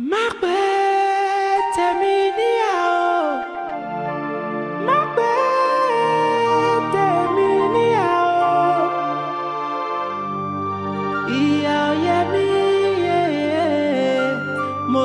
má pé tèmi o má pé tèmi o ìyá ọ̀yẹ́ mi mo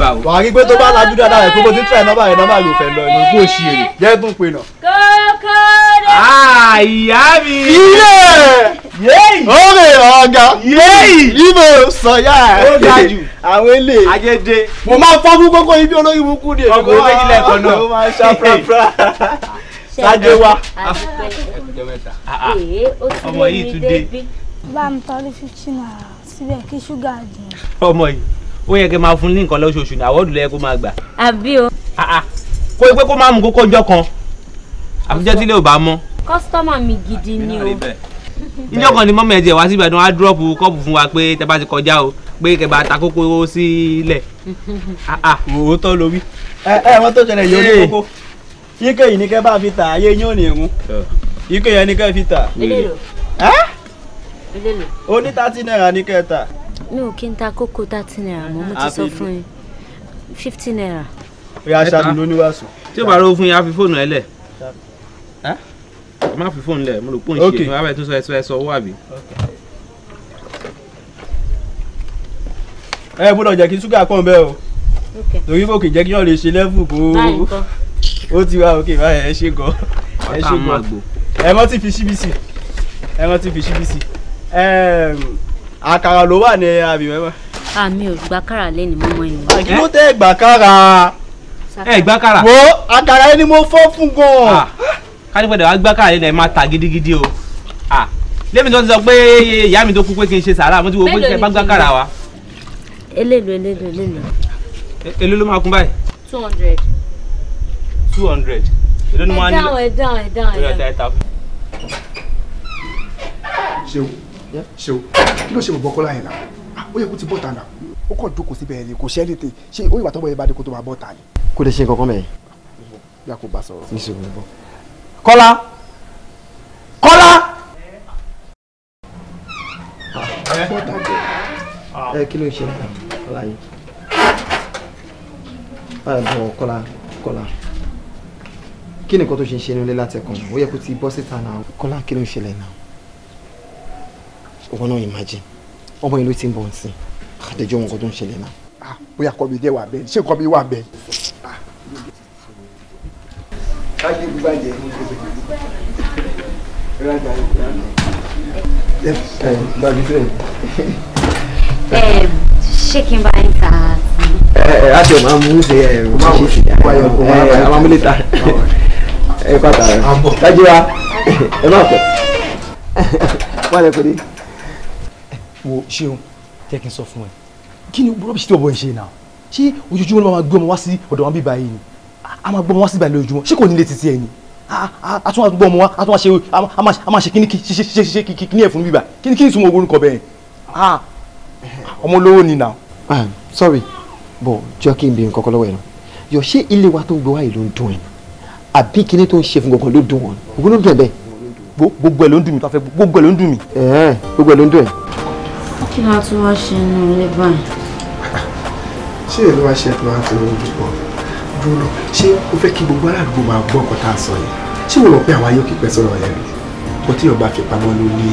bá o. wàá rí pé tó bá lajú dáadáa rẹ̀ pé bó ti tẹ̀ nọ́mbà rẹ̀ nọ́mbà yóò fẹ́ lọ ní ojú òsì èrè jẹ́ tún pe nà. kókóró. àyà ah, mi. ilé yéyì. òrè ọ̀gá. yéyì. ibo sọ̀yà. ó ga jù. àwọn ilé. ajẹ́dẹ́. mo máa fọ́ fún kókó ibi olóyún mú kú ni. ọkọ̀ ó méjìlá ẹ̀kọ́ náà. ó máa ṣá prapra. sáájú wa. ọmọ yìí tún dé. bá a ń parí fifteen naira síbẹ̀ kí ṣúgà dùn. ọmọ yìí ó yẹ kí n máa fún ní nǹkan lọ́sọ̀ọ̀sù ní àwọ̀dù lẹ́yẹ kó máa gbà. àbí o. Ah, ah. kó o pé kó máa mú kókó ọjọ́ kan àfijọ́ tí ilé ò bá mọ́. kọ́sítọ́mà mi gidi ni o. níjọ́ kan ni mọ́mọ́ ẹ̀ tiẹ̀ wá sí Ìbàdàn á dúrọ́ọ̀pù kọ́ọ̀pù fún wa pé tẹ́ bá ti kọjá o pé kẹ́ bá ta kókó sílẹ̀. Ah, òótọ́ ló wí. ẹ ẹ wọ́n tó ṣẹlẹ̀ yóò ní kókó ike yìí ni kẹ́ bá fi tà ayé yín ò ní ìrún ike yẹn ni kẹ́ fi tà. ó ní thirty naira ní kẹ́ tà ní òkè coco ta kókó thirty naira mọ́ mo ti sọ fún yín fifty naira. ó yà aṣáájú ló níwàásù. tí o bá rówó fún yín á fi fóònù ẹ lẹ̀ ẹ má fi fóònù lẹ̀ mo rò pé òun ṣe é wàá bẹ̀ tó sọ ẹ sọ ẹ sọ owó àbí. ẹ gbọ́dọ̀ jẹ́ kí ṣúgà pọ̀ nbẹ́ o torí fòkè go. kí wọ́n lè ṣe lẹ́fù kó ó ti wá òkè báyìí ẹ ṣe gan ẹ ṣe gan ẹ mọ́ ti fi àkàrà ló wà ní àbí mẹ́mọ́. àmì ah, ò gbàkàrà lẹ́nu mọ́mọ́ yìí. àkì ah, ló tẹ́ gbàkàrà. ẹ gbàkàrà. wo àkàrà yẹn ni mo fọ́ fún gan. Ah, kánípẹ̀dẹ̀ wá gbàkàrà yẹn lẹ́ẹ̀ máa ta gidigidi o. lẹ́mi tó ti sọ pé ìyá mi tó kú pé kí n ṣe sàárà mo ti wo pé kí ẹ bá gbàkàrà wa. eléèlò eléèlò eléèlò. E-, èló máa kún báyìí. two hundred. two hundred. èló ni mo máa nílò. ẹ dáhùn ẹ dáhùn ẹ dáhùn ẹ dáhùn ṣe o kí ló ṣe bọ̀ bọ́kọ́lá yẹn náà ah, ó yẹ kó ti bọ́ta náà ó kàn dúkò síbẹ̀ ni kò ṣẹ́ níte ṣé ó yìnbọn tó bọ̀ yẹn bá dé kó tó máa bọ́ta ni. kó lè ṣe nǹkan kan mẹ́rin. bí a kò bá sọ̀rọ̀. níṣòro bọ́. kọ́lá kọ́lá. ẹ ah. eh, kí ló ń ṣe kọ́lá yìí. ẹ ah, bọ̀ kọ́lá kọ́lá kí ni nǹkan tó ṣe ń ṣe nílé láti ẹ̀kọ́ ó yẹ kó ti bọ́ síta náà kọ́lá kí ló ń owó náà imagine ọmọ yẹn ló ti ń bọ̀ nsìn àdéjọ́ ah, nǹkan tó ń ṣẹlẹ̀ náà. Ah, bóyá kọ́ mi dé wà bẹ́ẹ̀ ṣé kọ́ mi wà bẹ́ẹ̀. Ah. káyé bí bá jẹ ṣé kí n bá ń ta sí. ẹ ẹ láti ọmọ amú ṣe ẹ ọmọ amú ṣe ẹ ọmọ amú lè ta ẹ pàtàkì kájí wa ẹ má pẹ wọn lè pè é wo ṣeun jẹ́ kí n sọ fún ẹ kí ni rọ́bìṣì tí ọ̀bọ̀ ẹ̀ ṣe náà ṣé ojoojúmọ́ ló máa gbé ọmọ wá sí ọ̀dọ̀ wọn bíbá yìí ni a máa gbọ́ ọmọ wá sí ìbàlẹ̀ ojoojúmọ́ ṣé kò nílé títí ẹ ni a tún wá gbọ́ ọmọ wá a tún wá ṣe a máa ṣe kíní kíní ẹ̀ fún bíbá kíní kíní sún orúkọ bẹ́ẹ̀ ọmọ olówó ni náà. Um, sorry bọ̀ jọ kí n bí nǹkan kan lọ́wọ́ ẹ̀ náà yọ ṣé ilé wa tó ń gbé wá yìí ló ń dùn ẹ̀ àbí kíní tó ń ṣe fún gbọ̀ngàn ló dùn wọn òun ló dùn ẹ̀ bẹ́ẹ̀. gbogbo ẹ̀ ló ń dùn mí gbogbo ẹ̀ ló ń dùn mí. Eh, gbogbo ẹ̀ ló ń dùn ẹ̀ kí la tún wá ṣe inú ilé báyìí. ṣé èlò wá ṣe tó wá tó lórí púpọ̀ dúró ṣé o fẹ́ kí gbogbo aládùúgbò máa gbọ́ nǹkan tá a sọ yìí ṣé mo rò pé àwọn ayọ́kí pẹ́ sọ̀rọ̀ yẹn rí kò tí ọba fi pamọ́ ló ní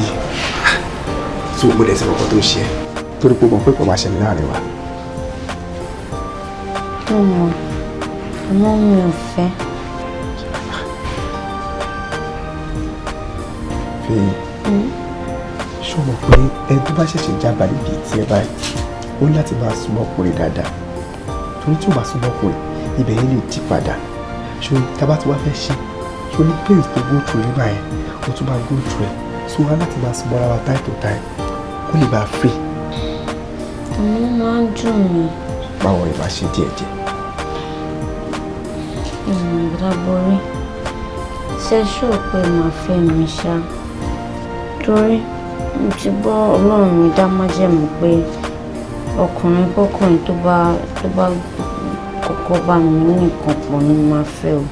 tó o gbọ́dọ̀ ṣe nǹkan tó ṣe torí pé mo pé kò máa ṣẹlẹ̀ láàrin wa. ọmọ mi ò fẹ́. fi. Hmm? mọ̀ pé ẹni tó bá ṣẹ̀ṣẹ̀ jábà níbi tí ẹ báyìí ó ní láti máa súnmọ́ ọkùnrin dáadáa torí tí ò bá súnmọ́ ọkùnrin ibẹ̀ yẹn lè ti padà ṣòro tá a bá ti wá fẹ́ ṣe ṣòro place tó go through rí báyẹn ó tún máa go through ẹ̀ so wá láti máa súnmọ́ ara wa time to time kó lè bá a free. mo máa ń dùn mí. báwo ni màá ṣe díẹ̀ díẹ̀. ìmọ̀ ìdáborí ṣe ṣó pé màá fẹ́ mi ṣá torí mo ti gbọ́ ọlọ́run mi dá májẹ̀mú pé ọkùnrin kọkùnrin tó bá tó bá kọ́kọ́ bá mi ní pọ̀ ni máa fẹ́ o.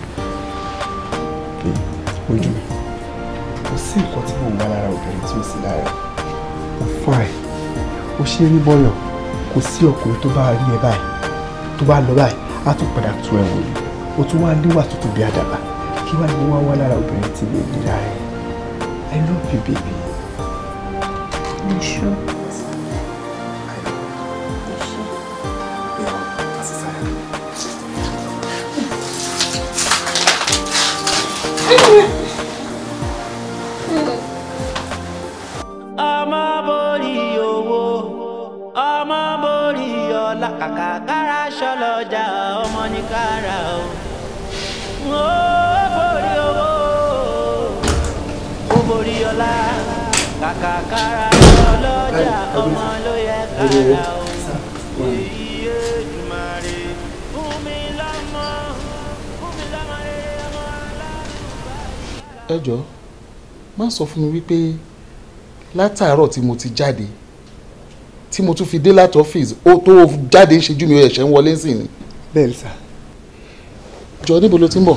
ojú mi kò sí nǹkan tí mò ń bá lára obìnrin tí ó sì lára ó fine ó ṣe é rí bọ́yọ̀ kò sí ọkùnrin tó bá rí ẹ báyìí tó bá lọ báyìí á tún padà tu ẹ wò ni ó tún wá níwà tuntun bí àdàbà kí wàá ní wọ́n wá lára obìnrin tí lè nira ẹ I love you baby. You sure? dájọ́ má sọ fún mi wípé látàárọ̀ tí mo ti jáde tí mo tún fi dé láti ọ́fíìsì ó tó jáde ń ṣojú mi ó ẹ̀ṣẹ̀ ń wọlé sí ni. bẹ́ẹ̀ sà. jọ níbo ló ti ń bọ̀.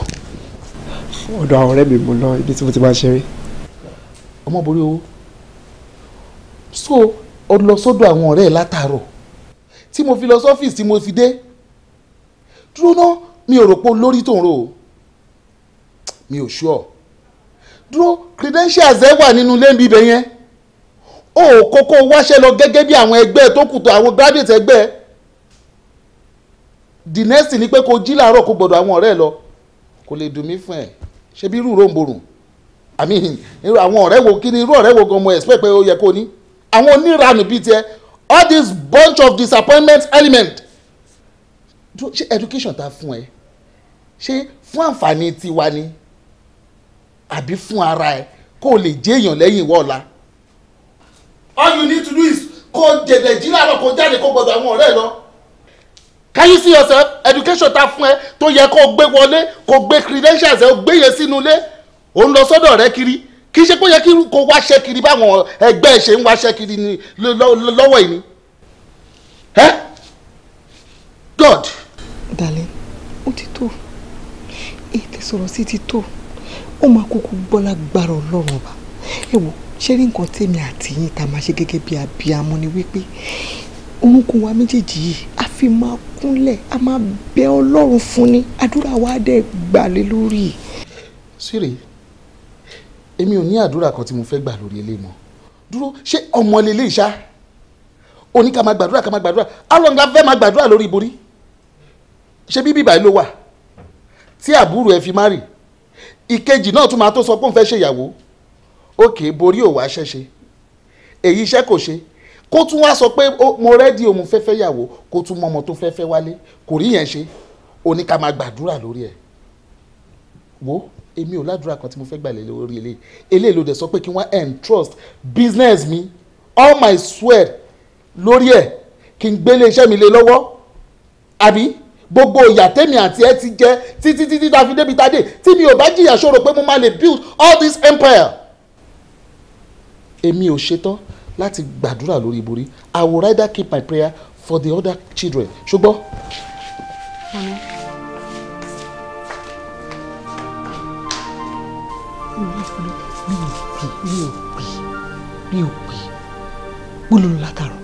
ọ̀dọ̀ àwọn ọ̀rẹ́ mi mo lọ ibi tí mo ti máa ṣeré. ọmọ borí owó so ọ lọ sọ́dọ̀ àwọn ọ̀rẹ́ látàárọ̀ tí mo fi lọ sọ́fíìsì tí mo fi dé dúró náà mi ò rò pé olórí tó rò ó mi ò ṣú ọ dúró credentials ẹ wà nínú ilé bíbẹ yẹn o kókó wáṣẹ́ lọ gẹ́gẹ́ bí àwọn ẹgbẹ́ tó kù tó àwọn graduate ẹgbẹ́ the next ni pé kó jí làárọ̀ kó gbọ́dọ̀ àwọn ọ̀rẹ́ lọ kò lè dùn mí fún ẹ ṣe bí irú ròǹbòrùn i mean irú àwọn ọ̀rẹ́ wo kí ni irú ọ̀rẹ́ wo gan mo expect pé ó yẹ kó ní àwọn oníranù bíi tiẹ̀ all this bunch of disappointment element ṣe education ta fún ẹ ṣe fún àǹfààní tiwa ni àbí fún ara ẹ kó o lè jẹ́ èèyàn lẹ́yìn ìwọ ọ̀la. all you need to do is kó o jẹ̀dẹ̀ jí láàárọ̀ kó o jáde kó o gbọdọ̀ àwọn ọ̀rẹ́ lọ. can you see yourself education ta fún ẹ tó yẹ kó o gbé wọlé kó o gbé credentials ẹ o gbé yẹn sínú ilé ò ń lọ sọ́dọ̀ rẹ kiri kì í ṣe pé ó yẹ kí kó wáṣẹ́ kiri báwọn ẹgbẹ́ ẹ ṣe ń wáṣẹ́ kiri ni lọ́wọ́ yìí ni. ẹ God. dalẹ̀ ó ti tó ètè sọ̀rọ̀ sí ti tó ó máa kúkú gbọ́ lágbára ọlọ́run ọba ẹ wò ṣé rí nǹkan tèmi àti yín tá máa ṣe gẹ́gẹ́ bí abiyamọ ni wípé orúnkún wa méjèèjì yìí a fi máa kúnlẹ̀ a máa bẹ ọlọ́run fún ni àdúrà wa dẹ̀ gbà lé lórí. sírè èmi ò ní àdúrà kan tí mo fẹ́ gbà lórí ilé mọ́ dúró ṣé ọmọ lélẹ́ ìṣá oní ká máa gbàdúrà ká máa gbàdúrà alọ́n la fẹ́ máa gbàdúrà lórí ìborí ṣé bíbí ìbàyí ló wà tí àbúrò ẹ fi má rì ìkejì náà tún máa tó sọ pé òun fẹ́ ṣèyàwó òkè borí òwà ṣẹ́ṣe èyí iṣẹ́ kò ṣe kó tún wá sọ pé mo rẹ́dí òun fẹ́ fẹ́ yàwó kó tún mọ ọmọ tó fẹ́ fẹ́ wálé kò rí yẹn ṣe ó ní ká máa gbàdúrà lórí ẹ̀ wo èmi ò ládùúrà kan tí mo fẹ́ gbà lé lórí eléyìí eléyìí ló dẹ̀ sọ pé kí wọ́n entrust business mi all my swear, lórí ẹ̀ kí n gbélé iṣẹ́ mi lé lọ́wọ́ àbí gbogbo ìyà tèmi àti ẹ ti jẹ títí títí tá a fi débi tá tí mi ò bá jìyà ṣòro pé mo máa lè build all this empire. èmi ò ṣetán láti gbàdúrà lórí ìborí I will rather keep my prayer for the other children ṣùgbọ́n. mi ò pè mi ò pè gbólóhùn látàrọ.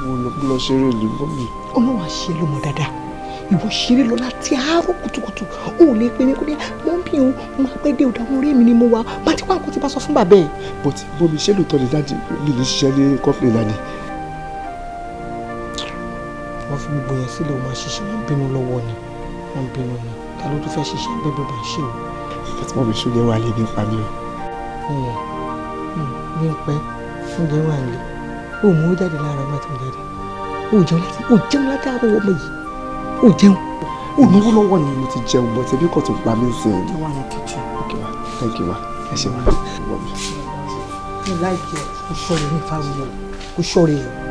mo lọ ṣeré ìlú bọ́ olúwa ṣe ló mọ dáadáa ìwọ ṣeré lọ láti àárọ̀ kùtùkùtù ò lè pe mi kó ní mọ́ bí o máa pẹ́ dé ọ̀dọ̀ àwọn ọ̀rẹ́ mi ni mo wà bá ti wá nǹkan ti bá sọ fún bàbá ẹ̀. but bó mi ṣe lóòótọ́ ni dájú mi lè ṣiṣẹ́ ní kọ́pìnì lánìí. wọ́n fi gbogbo yẹn sílẹ̀ o máa ṣiṣẹ́ wọ́n bínú lọ́wọ́ ni wọ́n bínú ni ta ló tún fẹ́ ṣiṣẹ́ bẹ́ẹ̀ bá ṣe o. ìfẹ́ tí mo fi ṣúgẹ́ wà lé nípa mi o. ní pẹ́ ṣúgẹ́ wà lé o mú jáde lára ọmọ àti mo jáde o jẹun láti o jẹun láti àárọ̀ ọmọ yìí ò jẹun ò náwó lọ́wọ́ ni mo ti jẹun bọ̀ tẹ̀bí kò tó pa mí sí ẹ̀. wà ní kitchen. ok ma thank you ma ẹ ṣe ma. mo láìkí ẹ kò sọ̀rọ̀ nípa wíwọ kò sọ̀rọ̀ èèyàn.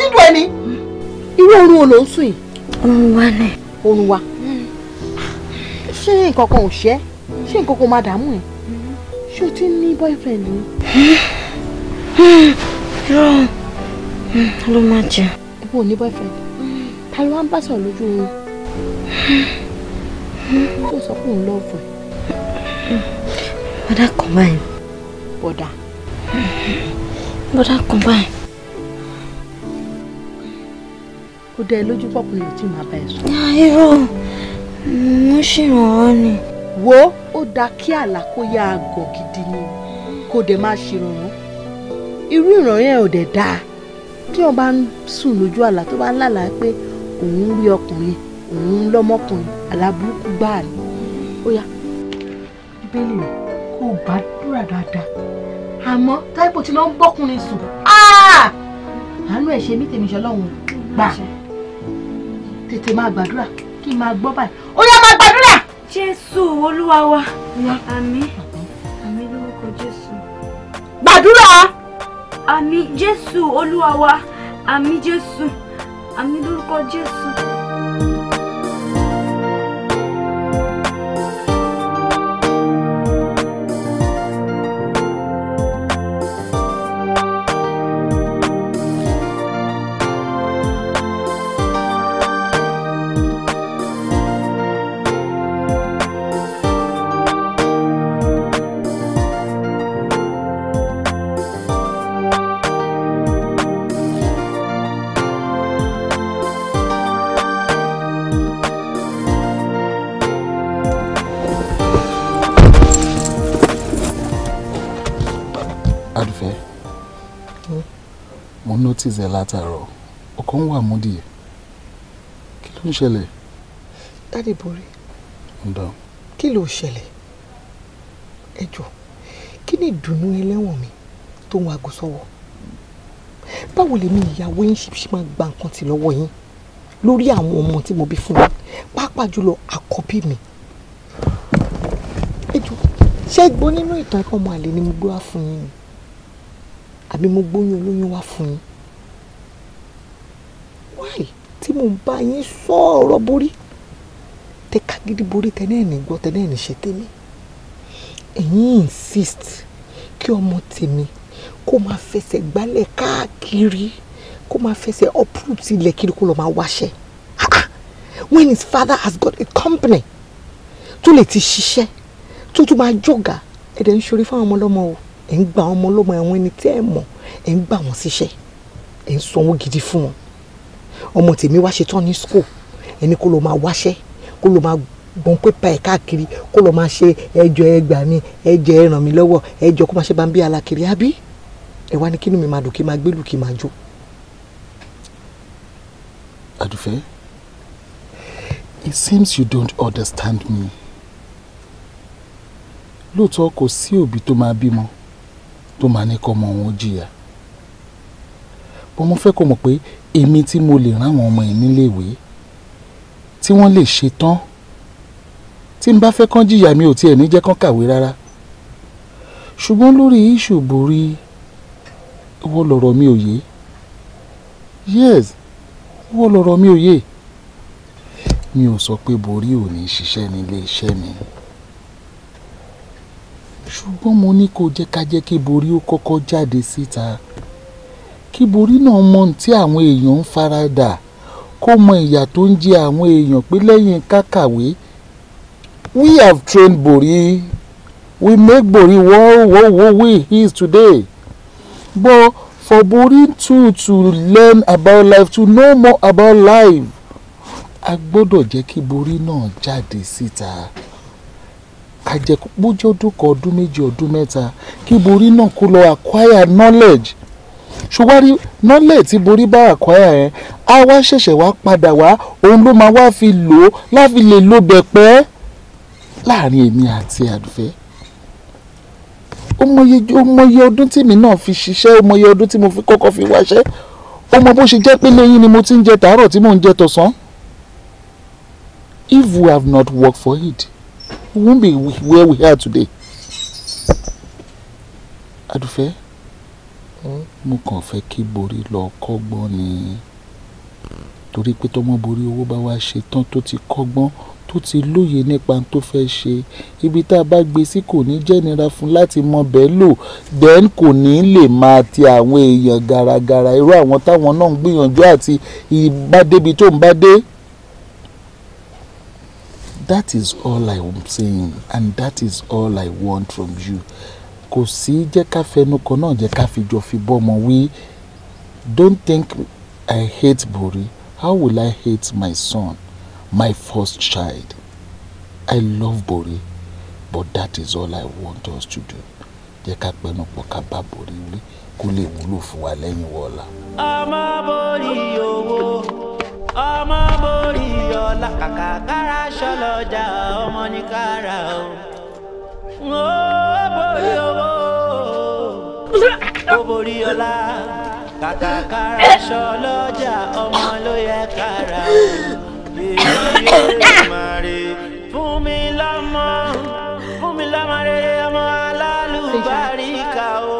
tí dùn ẹ ni. irú oorun wo ló ń sùn yìí. oorun wa ni. oorun wa. Hmm. ṣé nǹkan kan ò ṣẹ́ ṣé nǹkan kan máa dààmú ẹ̀ ṣé o ti ń ní boyfriend ni. Hmm. irọ́ hmm. ló máa jẹ. ìwọ ò ní boyfriend ta ló wá ń bá sọ̀rọ̀ lójú oorun. tó sọ pé òun lọ́ọ̀fù ẹ̀. bọ́dà kan báyìí. bọ́dà. bọ́dà kan báyìí. ó dá ẹ lójú pọ̀ pé o ti máa bá ẹ sùn. Ah, irú mo ṣèrànwọ́ ni. wo ó da kí àlá kó yá àgọ̀ gidi ni kó dẹ̀ máa ṣèrànwọ́ irú ìrànwọ́ yẹn ò dẹ̀ dáa tí wọ́n bá ń sùn lójú àlá tó bá ń lálàá pé òun rí ọkùnrin òun ń lọ́mọkùnrin àlá burúkú gbáà ni ó yá bíbélì rẹ̀ kó o dáadáa àmọ́ táìpò tí ló ń bọ́kùnrin sùn àánú ẹ̀ ṣe mí tèmi ṣọlọ́run gbà tètè máa gbàdúrà kí n máa gbọ́ báyìí ó yá máa gbàdúrà. jésù olúwa wa àmín àmín lórúkọ jésù. gbàdúrà. àmín jésù olúwa wa àmín jésù àmín lórúkọ jésù. notice ẹ̀ látàárọ̀ ọkàn wà múdì kí ló ń ṣẹlẹ̀. dáàdì borí kí ló ṣẹlẹ̀ ẹ jọ kí ni ìdùnnú ẹlẹ́wọ̀n mi tó ń wago sọ́wọ́ báwo lèmi ìyàwó yín ṣe máa gba nǹkan tì lọ́wọ́ yín lórí àwọn ọmọ tí mo bí fún yín pàápàá jùlọ àkọ́bí mi ẹ jọ ṣé gbọ́ nínú ìtàn ẹ̀kọ́ ọmọ àlè ni mo gbé wá fún yín àbí mo gbóyún olóyún wá fún yín tí mò ń bá yín sọ ọ̀rọ̀ borí tẹ gidi borí tẹ náà ní gbọ́ tẹ náà ní ṣe tèmi ẹ̀yin insist kí ọmọ tèmi kó máa fẹsẹ̀ gbálẹ̀ káàkiri kó máa fẹsẹ̀ uproot ilẹ̀ kiri kó lọ máa wáṣẹ́ when his father has got a company tó lè ti ṣiṣẹ́ tó tún máa jọ̀gà ẹ̀dẹ̀ ń ṣorí fáwọn ọmọ ọlọ́mọ o ẹ̀ ń gba ọmọ ọlọ́mọ àwọn ẹni tí ẹ̀ mọ̀ ẹ̀ ń gbà wọ́n síṣẹ́ ẹ̀ ń sanwó gidi fún wọn ọmọ tèmi wá ṣe tán ní school èmi kó lọ máa wáṣẹ́ kó lọ máa gbọ́n pépà ẹ̀ káàkiri kó lọ máa ṣe ẹjọ́ ẹ gbà mí ẹjọ́ ẹ ràn mí kó máa ṣe bá ń bí alákiri àbí ẹ wá ní kínú mi máa dùn kí máa gbélù kí máa jó. Adufe, it seems you don't understand me. Lóòótọ́ kò sí òbí tó máa bímọ tó máa ní kọ́ ọmọ òun jìyà. mo fẹ́ kó mọ̀ pé èmi tí mo lè ráwọn ọmọ yìí níléèwé tí wọ́n lè ṣe tán tí n bá fẹ́ kán jìyà mi ò tiẹ̀ ní jẹ́ kán kàwé rárá ṣùgbọ́n lórí iṣu borí wọ́n lọ̀rọ̀ mi ò yes wọ́n lọ̀rọ̀ mi ò yé mi ò sọ pé borí ò ní ṣiṣẹ́ nílé iṣẹ́ mi ṣùgbọ́n mo ní kó jẹ́ ká jẹ́ kí borí ó kọ́kọ́ jáde síta kí borí náà mọ tí àwọn èèyàn ń faradà kó mọ ìyà tó ń jẹ àwọn èèyàn pé lẹ́yìn kákàwé we have trained Bori we make Bori what what what he is today but for Bori too to learn about life to know more about life a gbọ́dọ̀ jẹ́ kí Bori náà jáde síta àjẹkùpọ̀jọ́ ọdún kan ọdún méjì ọdún mẹ́ta kí Bori náà kó lọ acquire knowledge ṣùgbọ́n rí nọ́lẹ̀ tí borí bá àkọ́ ẹ̀ á wá ṣẹ̀ṣẹ̀ wá padà wá òun ló máa wá fi lò ó láfi lè lo bẹ̀pẹ́ láàrin èmi àti àdùfẹ́ ó mọye ọdún tèmi náà fi ṣiṣẹ́ ó mọye ọdún tí mo fi kọ́kọ́ fi wáṣẹ́ ó mọ bó ṣe jẹ́ pé lẹ́yìn ni mo ti ń jẹ tàárọ̀ tí mò ń jẹ tọ̀sán if we have not worked for it we won't be where we are today àdùfẹ́ mo kàn fẹ́ kí borí lọ kọ́gbọ́n ni torí pé tọmọ borí owó bá wá ṣe tán tó ti kọ́gbọ́n tó ti lóye nípa tó fẹ́ ṣe ibi tá a bá gbé sí kò ní jẹ́nira fún láti mọ bẹ́ẹ̀ lò then kò ní lè máa ti àwọn èèyàn gàràgàrà irú àwọn táwọn náà ń gbìyànjú àti ìbádébi tó ń bá dé. That is all I am saying and that is all I want from you kò sí jẹ́ ká fẹnu kan náà jẹ́ ká fi jọ fi bọ́mọ wí don't think I hate Bori how will I hate my son my first child I love Bori but that is all I want us to do jẹ́ ká pẹnu pọ̀ ká bá Bori wí kó lè wúlò fún wa lẹ́yìn wọ́la. ọmọ borí owó ọmọ borí ọlá kàkà kára ṣọlọ́jà ọmọ ní kára o borí owó ó borí ọlá kàkàkàrà aṣọ lọ́jà ọmọ ló yẹ kára yéé máa rí fún mi lọ́mọ fún mi lọ́mọ rere ọmọ alálùbáríkà o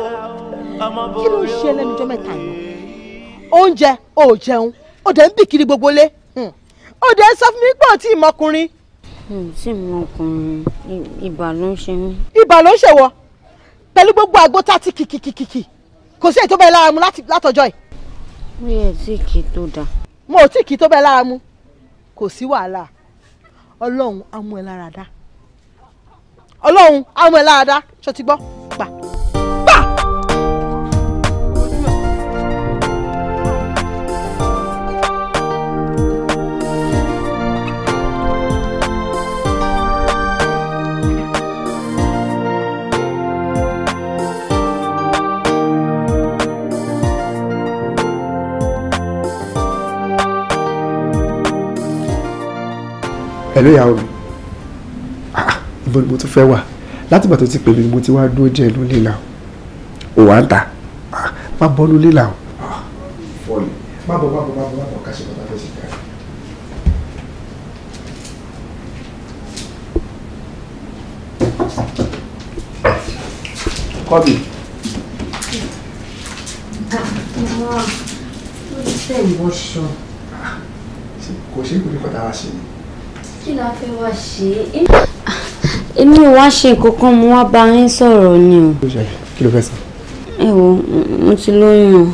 ọmọ borí owó. kí ló ń ṣe lẹ́nu ọjọ́ mẹ́ta yìí oúnjẹ ò jẹun ó dẹ̀ ń bì kiri gbogbo lé hmm. ó dẹ̀ ń sọ fún mi pé ó ti mọkùnrin Hmm, tí mo kùn ibà ló ń ṣe mí. ibà ló ń ṣe wọ pẹ̀lú gbogbo àgbo tá a ti kìkìkìkì kò sí èyí tó bẹ́ẹ̀ lára mu látọjọ́ yìí. mo yẹ tí kì í tó dáa. mo ò tí kì í tó bẹ́ẹ̀ lára mu kò sí wàhálà ọlọ́run á mú ẹ lára dá ọlọ́run á mú lára dá ṣó ti gbọ́. hello ìyàwó mi ah ibo ni mo tún fẹ́ wà látìgbà tó ti pè mí ni mo ti wá dúró jẹ́ inú lílà o wà ń ta ah, má bọ́ inú lílà o. má bọ̀ má bọ̀ má bọ̀ má bọ̀ ká ṣe bàbá tó ti ká. Kọ́bì. Ṣé kò ṣe é kò ní kọ́ta wá sí ni? kí la fẹ́ wá ṣe é. èmi wá ṣe nǹkan kan mo wá bá yín sọ̀rọ̀ ni o. kí ló fẹ́ sọ. ẹ wo mo ti lóyún o.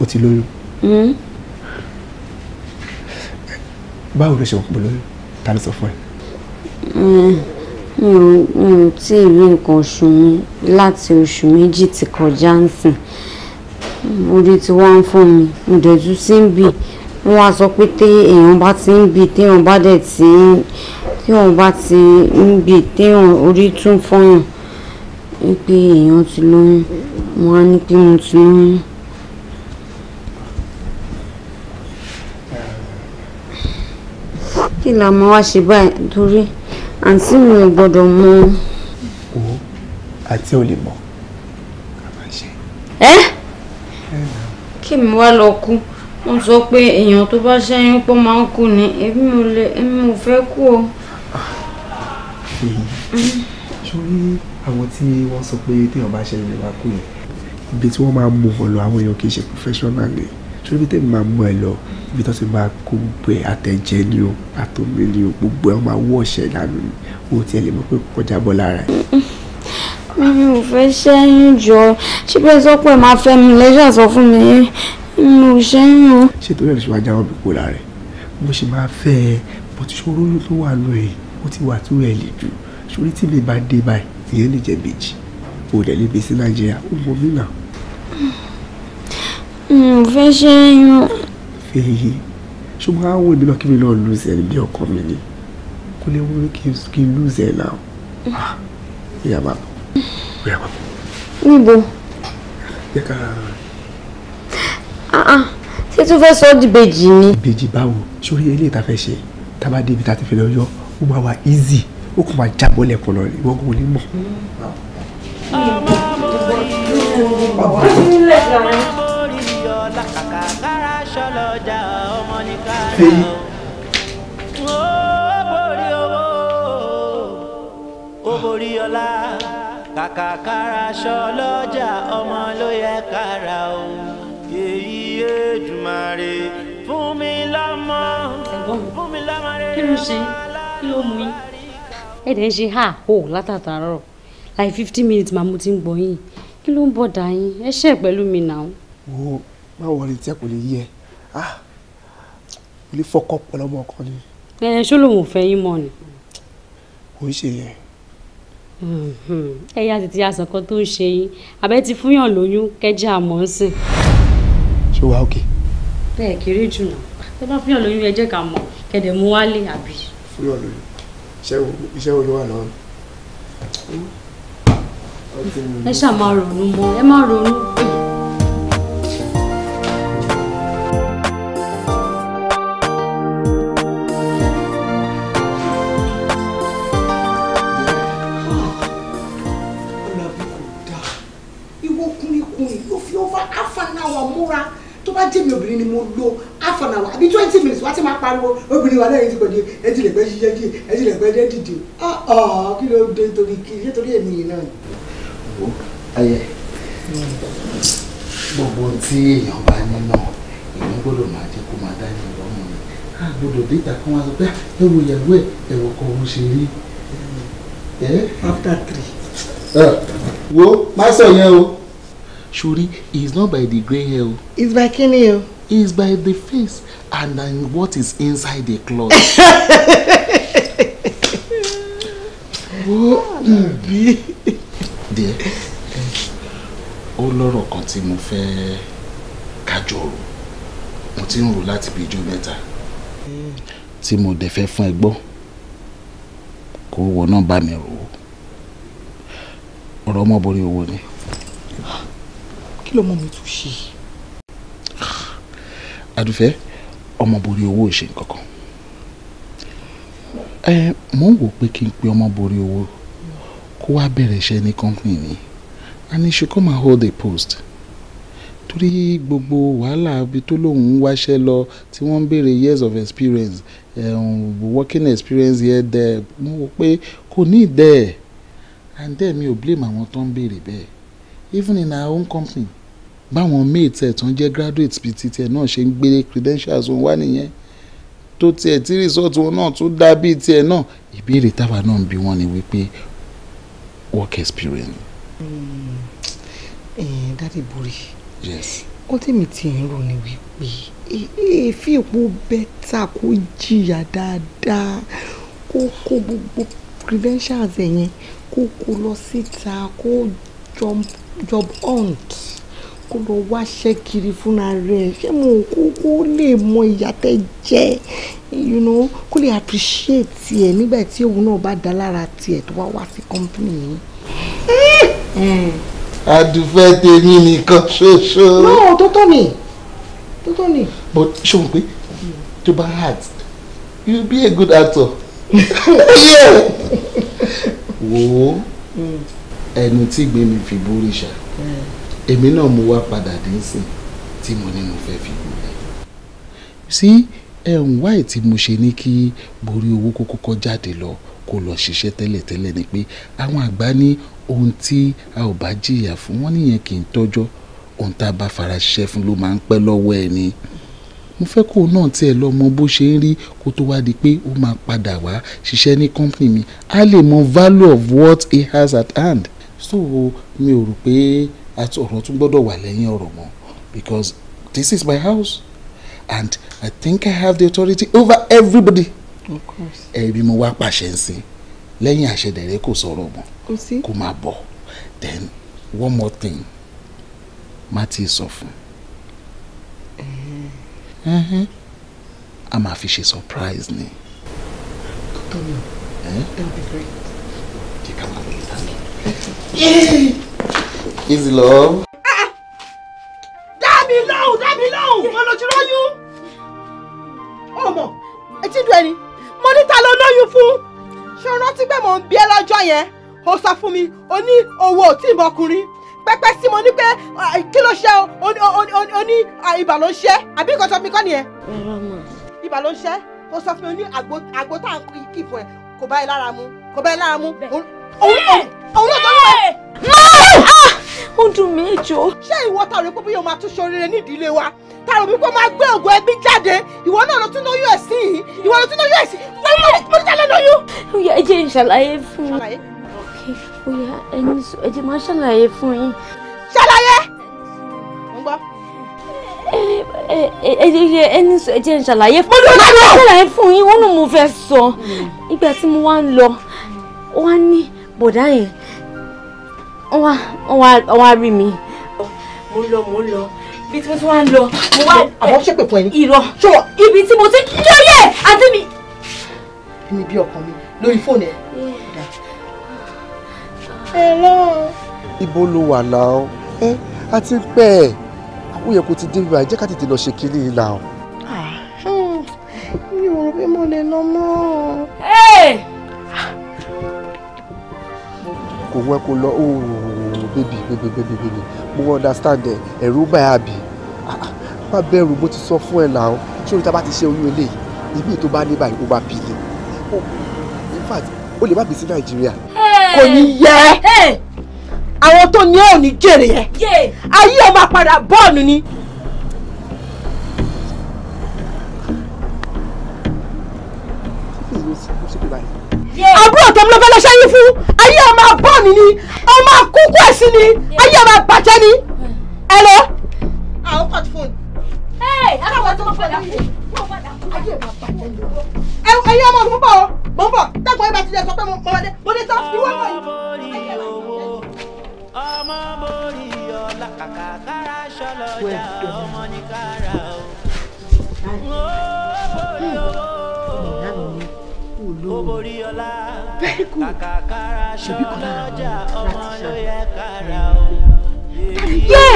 o ti lóyún. Hmm? báwo ló ṣe wọ́n pọ̀ lóyún ta ló sọ fún ẹ. Eh, mi ò mi ò tí ì rí nǹkan oṣù mi láti oṣù méjì tí kọjá ń sìn orí tí wọ́n ń fún mi ìdọ̀tún sí ń bì wọ́n wá sọ pé tí èèyàn bá ti ń bi téèyàn bá dẹ̀ ti ń téèyàn bá ti ń bi téèyàn orí tún fọ́yàn pé èèyàn ti lóyún wọ́n á ní pé mo ti lóyún. kí la máa wá ṣe báyìí torí àǹtí mi ò gbọ́dọ̀ mọ. o àti ò lè mọ ká máa ṣe. ẹ kí mi wá lọ kú wọ́n sọ pé èèyàn tó bá ṣẹ́yún pọ́ máa ń kú ni èmi ò lè èmi ò fẹ́ kú o. sórí àwọn tí wọ́n sọ pé téèyàn bá ṣẹ́yún lè máa kú yẹn ibi tí wọ́n máa mú ọ lọ àwọn èèyàn kì í ṣe professional ni sórí ibi tẹ́mi máa mú ẹ lọ ibi tó ti máa kó gbogbo ẹ àtẹ̀jẹ ni o àtòmí ni o gbogbo ẹ máa wọ ọ̀ṣẹ́ lánàá ni o tiẹ̀ lè mọ̀ pé kọjá bọ́ lára ẹ mi ò fẹ́ ṣẹ́yún jọ ṣíbẹ̀ sọ pé máa fẹ́ mi lẹ́ṣà sọ fún mi mo ṣẹ́yàn. ṣé torí ẹ̀ ló ṣe wá jáwọ́ bí kò lára ẹ̀ bó ṣe máa fẹ́ ẹ bó ti ṣòro ló wà lọ ẹ̀ ó ti wà tó ẹ̀ lè jù sórí tí mi bá dé báyìí tìyẹn lè jẹ méjì kò dẹ̀ lè gbé sí nàìjíríà ó mọ mí nà. mo fẹ́ ṣẹ́yàn. fèyí ṣó máa ń wò mí náà kí mi náà lùzẹ̀ ẹ̀ bí ọkọ mi ni kò lè wọ́n kí n lùzẹ̀ náà ah, ìyá máa ìyá máa níbo. yẹ ká rárá. Ah, ah. ṣé tún fẹ́ sọ ọ́ dìbejì ni. ìbejì báwo sórí eléyìí tá fẹ́ ṣe tá a bá débi tá a ó máa wà easy ó kò máa jábọ́ lẹ́kọ̀ọ́ lọ ìwọ́n kò ní mọ̀. Hey. borí ọmọ ló yẹ kára o èyí èdùmàrè fún mi lámọ fún mi lámàrè kí ló ṣe kí ló mú yín. ẹ dẹ̀ ń ṣe ha ho látàtàárọ̀ láì fifty minutes màá mo ti ń gbọ́ yín kí ló ń bọ̀ dà yín ẹ ṣe pẹ̀lú mi náà. wo má wọlé tí a kò lè yí ẹ ah kò lè fọkọ pọlọmọ kan ni. ẹ ṣó lòun ò fẹ́ yín mọ́ ni. kò ń ṣe yẹn mm-hmm. ẹyà tètè àsọkọ tó ń ṣe yín abẹ ti fúnyàn lóyún kẹjẹ àmọ́ ń sìn ṣó wà ókè. bẹ́ẹ̀ kéré jù náà tó bá fúnyàn lóyún ẹ jẹ́ ká mọ̀ kẹ̀dẹ̀ mú wálé àbí. fúnyàn lóyún iṣẹ́ wo ló wà lọ́wọ́. ẹ ṣáà máa ronú mọ́ ẹ máa ronú. mi obìnrin ni mo lo half an hour àbí twenty minutes wá ti máa pariwo obìnrin wa lẹ́yìn tí kò di ẹtì lè pẹ́ ṣiṣẹ́ díẹ̀ ẹtì lè pẹ́ dé dìde ọ̀ọ́ ah, ah, kí ló dé torí kí ló torí èmi yìí náà. wo ayẹ gbogbo tí èèyàn bá ní náà èèyàn gbọ́dọ̀ máa jẹ́ kó máa dání lọ́rùn ni a gbọ́dọ̀ dé ìta kan wá sọ pé ah, ẹ wo ìyàwó ẹ ẹ̀rọ kan òun ṣe rí. after three. Eh, wo má sọ yẹn o. Shuri, it's not by the grey hair it's by kini o. it's by the face and then what is inside the cloth. wo ibi. díẹ̀ ó lọ́rọ̀ kan tí mo fẹ́ kájọ rò mo ti ń rò láti bí ijó mẹ́ta tí mo dẹ̀ fẹ́ fún ẹ gbọ́ kó wọ náà bá mi rò ó ọ̀rọ̀ ọmọbìnrin owó ni kí lọ́mọ mi tún ṣe. àdùfẹ́ ọmọbìnrin owó ṣe nǹkan kan ẹ mò ń wò pé kí n pe ọmọbìnrin owó kó wá bẹ̀rẹ̀ iṣẹ́ ní company ni and she come and hold a post torí gbogbo wàhálà ibi tó lóun ń wáṣẹ́ lọ tí wọ́n ń béèrè years of experience um, working experience here there mo wò pé kò ní ìdẹ́ and then mi ò blame àwọn tó ń béèrè bẹ́ẹ̀ even in our own company báwọn méètì ẹ̀ tó ń jẹ́ graduate bíi ti tiẹ̀ náà ṣe ń gbé credentials wọn wá nìyẹn tó tiẹ̀ tí result wọn náà tún dá bíi tiẹ̀ náà ìbéèrè táwa náà ń bi wọn ni wípé work experience. Hmm. Eh, dáàdì borí ó tèmi tí ń rò ní wípé èéfì e, e, e, epo bẹ́tà kó jìyà dáadáa kó kó gbogbo credentials ẹ̀ yẹn kó kó lọ síta kó job hunt kó lọ wáṣẹ́ kiri fúnra rẹ̀ ṣé mo kó kó lè mọ ìyà tẹ́ jẹ you know kó lè appreciate ẹ nígbà tí òun náà bá dá lára tiẹ̀ tó wá wá sí company yìí. àdùfẹ́ tèmi nìkan ṣoṣo. náà tó tọ́ ni tó tọ́ ni. but ṣé o mọ̀ pé tó bá act you be a good actor. wo mm. ẹnu tí gbé mi fi bórí ṣá. Mm èmi náà mo wá padà dé nsìn tí mo ní mo fẹ́ fi gbolẹ̀ sí ẹ̀hún wáì tí mo ṣe ní kí borí owó kókó kọ́ jáde lọ kó lọ ṣiṣẹ́ tẹ́lẹ̀tẹ́lẹ̀ ni pé àwọn àgbà ní ohun tí a ò bá jìyà fún wọn nìyẹn kì í tọ́jọ́ ohun tá a bá fara ṣiṣẹ́ fún ló máa ń pẹ́ lọ́wọ́ ẹ ni mo fẹ́ kó náà tiẹ̀ lọ mọ bó ṣe ń rí kó tó wá di pé ó máa padà wá ṣiṣẹ́ ní company mi a lè mọ value of what he has at hand so mi ò rò pé àti ọ̀rọ̀ tún gbọ́dọ̀ wà lẹ́yìn ọ̀rọ̀ wọn because this is my house and I think I have the authority over everybody. of course. ẹbí mo wá pàṣẹ ń sìn lẹ́yìn àṣẹdẹ̀rẹ́ kò sọ̀rọ̀ mọ́ kó máa bọ̀ then one more thing má ti sọ fún un eh. a máa fi ṣe surprise ni. Eh? That would be great. Take a look at that. Yay! Easy love. Dábì lóhùn dábì love, mo lọ ti lóyún. Ọmọ etí ìdú ẹni mo ní ta ló lóyún fún. Ṣé o rántí pé mò ń bí ẹ lọ́jọ́ yẹn? Ó sọ fún mi, oni. ní owó ò tí ì mọkùnrin. Pẹ́pẹ́ sí mo ní pé kí ló ṣe o ní ibà ló ń ṣe àbí nǹkan tó fi kọ́ nìyẹn. Ibà ló ń ṣe ó sọ fún mi ó ní àgbo tá à ń kí fún ẹ kò bá ẹ lára mu kò bá ẹ lára mu òun náà tọ́lú ẹ̀. ó dùn mí jò. ṣé ìwọ ta rò pé bóyá o máa tún ṣoríire nídìílé wa ta rò wípé o máa gbé ògùn ẹbí jáde ìwọ náà ló tún lóyún ẹ̀ sí yìí ìwọ ló tún lóyún ẹ̀ sí wọ́n mọ̀ mo ti tẹ́lẹ̀ lóyún. ó yá ẹ jẹ́ ìṣàlàyé fún un. ó yá ẹni sọ ẹ jẹ́ máa ṣàlàyé fún yín. ṣàlàyé. ń gbọ́ ẹni sọ ẹjẹ ìṣàlàyé fún mi ṣàlàyé fún yín wọn náà mo fẹ́ sọ ìgbà hmm. tí mo wá ń lọ wá ní bọ̀dá yẹn wá wá wá rí mi. mo ń lọ mo ń lọ ibi tí mo ti wá ń lọ mo wá. àmọ́ ṣé pè fún ẹni. irọ́ ibi tí mo ti lóye àti mi. èmi bí ọkàn mi lórí fóònù ẹ. hello. ibo ló wà náà ẹ a ti ń pẹ́ ẹ̀ ó yẹ kó ti dé ibà jẹ́ ká tètè lọ ṣe kiri ìlà ah, hmm. mi ò rò pé mo lè lọ mọ́ ọ kò wẹ́ kó lọ ooo oh, bébì bébì bébì bébì mo understand ẹ ẹ̀rù bá yà bì má bẹ̀rù bó ti sọ fún ẹ náà ṣé orí ta bá ti ṣe oyún eléyìí ibi tó bá ní báyìí ó máa bìlẹ̀ oh, in fact ó lè má bì sí nàìjíríà kò ní yẹ àwọn tó ní òní jèrè yẹ ayé ọmọ àpàdà bọ́ọ̀nù ni. Thank you àbúrò tó ń lọ fẹ́lẹ́ sẹ́yìn fún ayé ọmọ bọ́ọ̀nì ni ọmọ akúkú ẹ̀sìn ni ayé ọmọ bàjẹ́ ni ẹ lọ. àwọn kọ́ọ̀tù fóònù. ẹ aláwọ̀ tó ń padà fún un. ayé ọmọ mo ń bọ̀ mo ń bọ̀ tẹ́gbọ̀n yìí bá ti jẹ́ sọ pé mo wọlé mo dé tán ìwọ mọ̀ yìí. ọmọ borí ọlá kàkà kára ṣọlọ ọmọ ní kára o olówó very good ṣebí kọ́lá ra àwọn practitioner. yé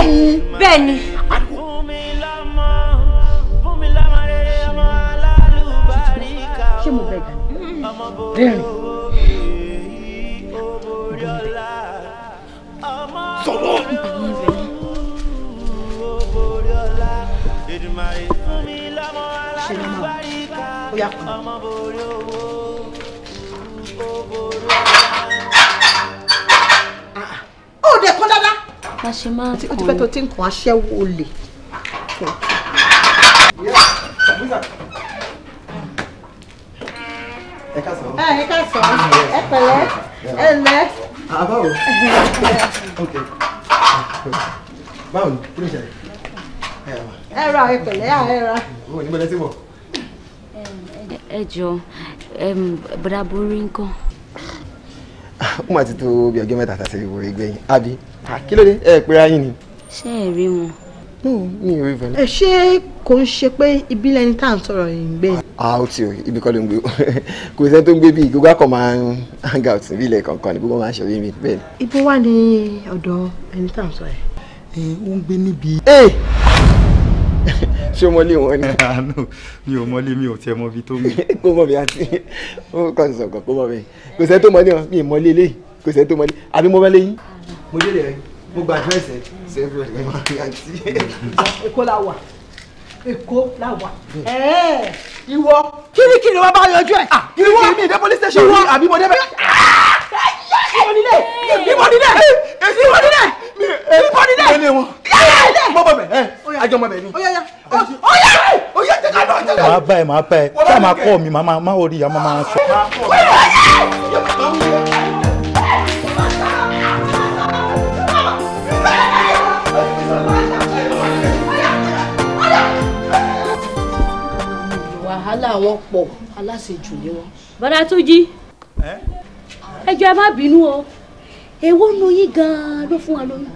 bẹ́ẹ̀ ni. ṣé mo bẹ̀ dà mm. bẹ́ẹ̀ sọ̀rọ̀. ṣe ló máa Ah, ah. ó dẹ̀ kán dáadáa. a ṣe máa ń kọ́ ọ. ó ti fẹ́ tó ti ń kàn aṣẹ́wó olè. ẹ ká sọ. Ah, ẹ ká ẹ pẹ̀lẹ́ ẹ lẹ. báwo ni kí ló ṣẹlẹ̀. ẹ ra ẹ pẹ̀lẹ́ ẹ ra. ẹ jọ bọ́dà borí nǹkan. ó mà ti tó bí ọjọ́ mẹ́ta tàṣẹ ìwò ìgbẹ̀yìn àbí kí ló dé ẹ pera yín ni. ṣé ẹ rí wọn. mi ò rí wọn. ẹ ṣé kò ń ṣe pé ibi lẹni tá à ń sọ̀rọ̀ yìí ń gbé. a ó ti o ibi kọ́ ló ń gbé o kò sẹ́ni tó ń gbé bíi gbogbo akọ̀ máa ń hang out níbi ilẹ̀ kankan ni gbogbo máa ń ṣe orí mi bẹ́ẹ̀ ni. ibo wà ní ọ̀dọ̀ ẹni tá à ń sọ yẹn. ẹ ń gbé níbi ṣé mọ́lé wọn ni. Ah, mi ò mọ́lé mi ò tiẹ̀ mọ ibi tó mi. kó mọ̀ mi àti ó kàn sọ̀kàn kó mọ̀ mi kò sẹ́ tó mọ́lé wọn mi ì mọ́lé lé kò sẹ́ tó mọ́lé àbí mo mọ́lé yín. mo dé rẹ̀ mo gbàdúrà ẹ̀sẹ̀ sẹ́fù rẹ̀ máa ń kó la wà. Èkó láwà. Hmm. Ìwọ. Kirikiri wa bá yọjú ẹ̀. Ah, Ìwọ mi ìdẹ́ police station mi àbí mo débẹ̀. Ìwọ nílẹ̀. Ìwọ nílẹ̀. Ìwọ nílẹ̀. Ìwọ nílẹ̀. Ìwọ nílẹ̀. Mo bọ̀ bẹ̀. Ajọ mọ̀ bẹ̀ ni. Oya ya. Oya ya. Oya jẹ ká lọ jẹ ká lọ. Màá bá ẹ màá bá ẹ. Tí a máa kọ́ mi, màá máa orí ya, màá máa sọ. Oya ya. wàhálà wọn pọ̀ aláṣejù ni wọn. bọ́dà tó jí ẹjọ́ ẹ má bínú o èwo nu yín gan-an ló fún wa lóyún.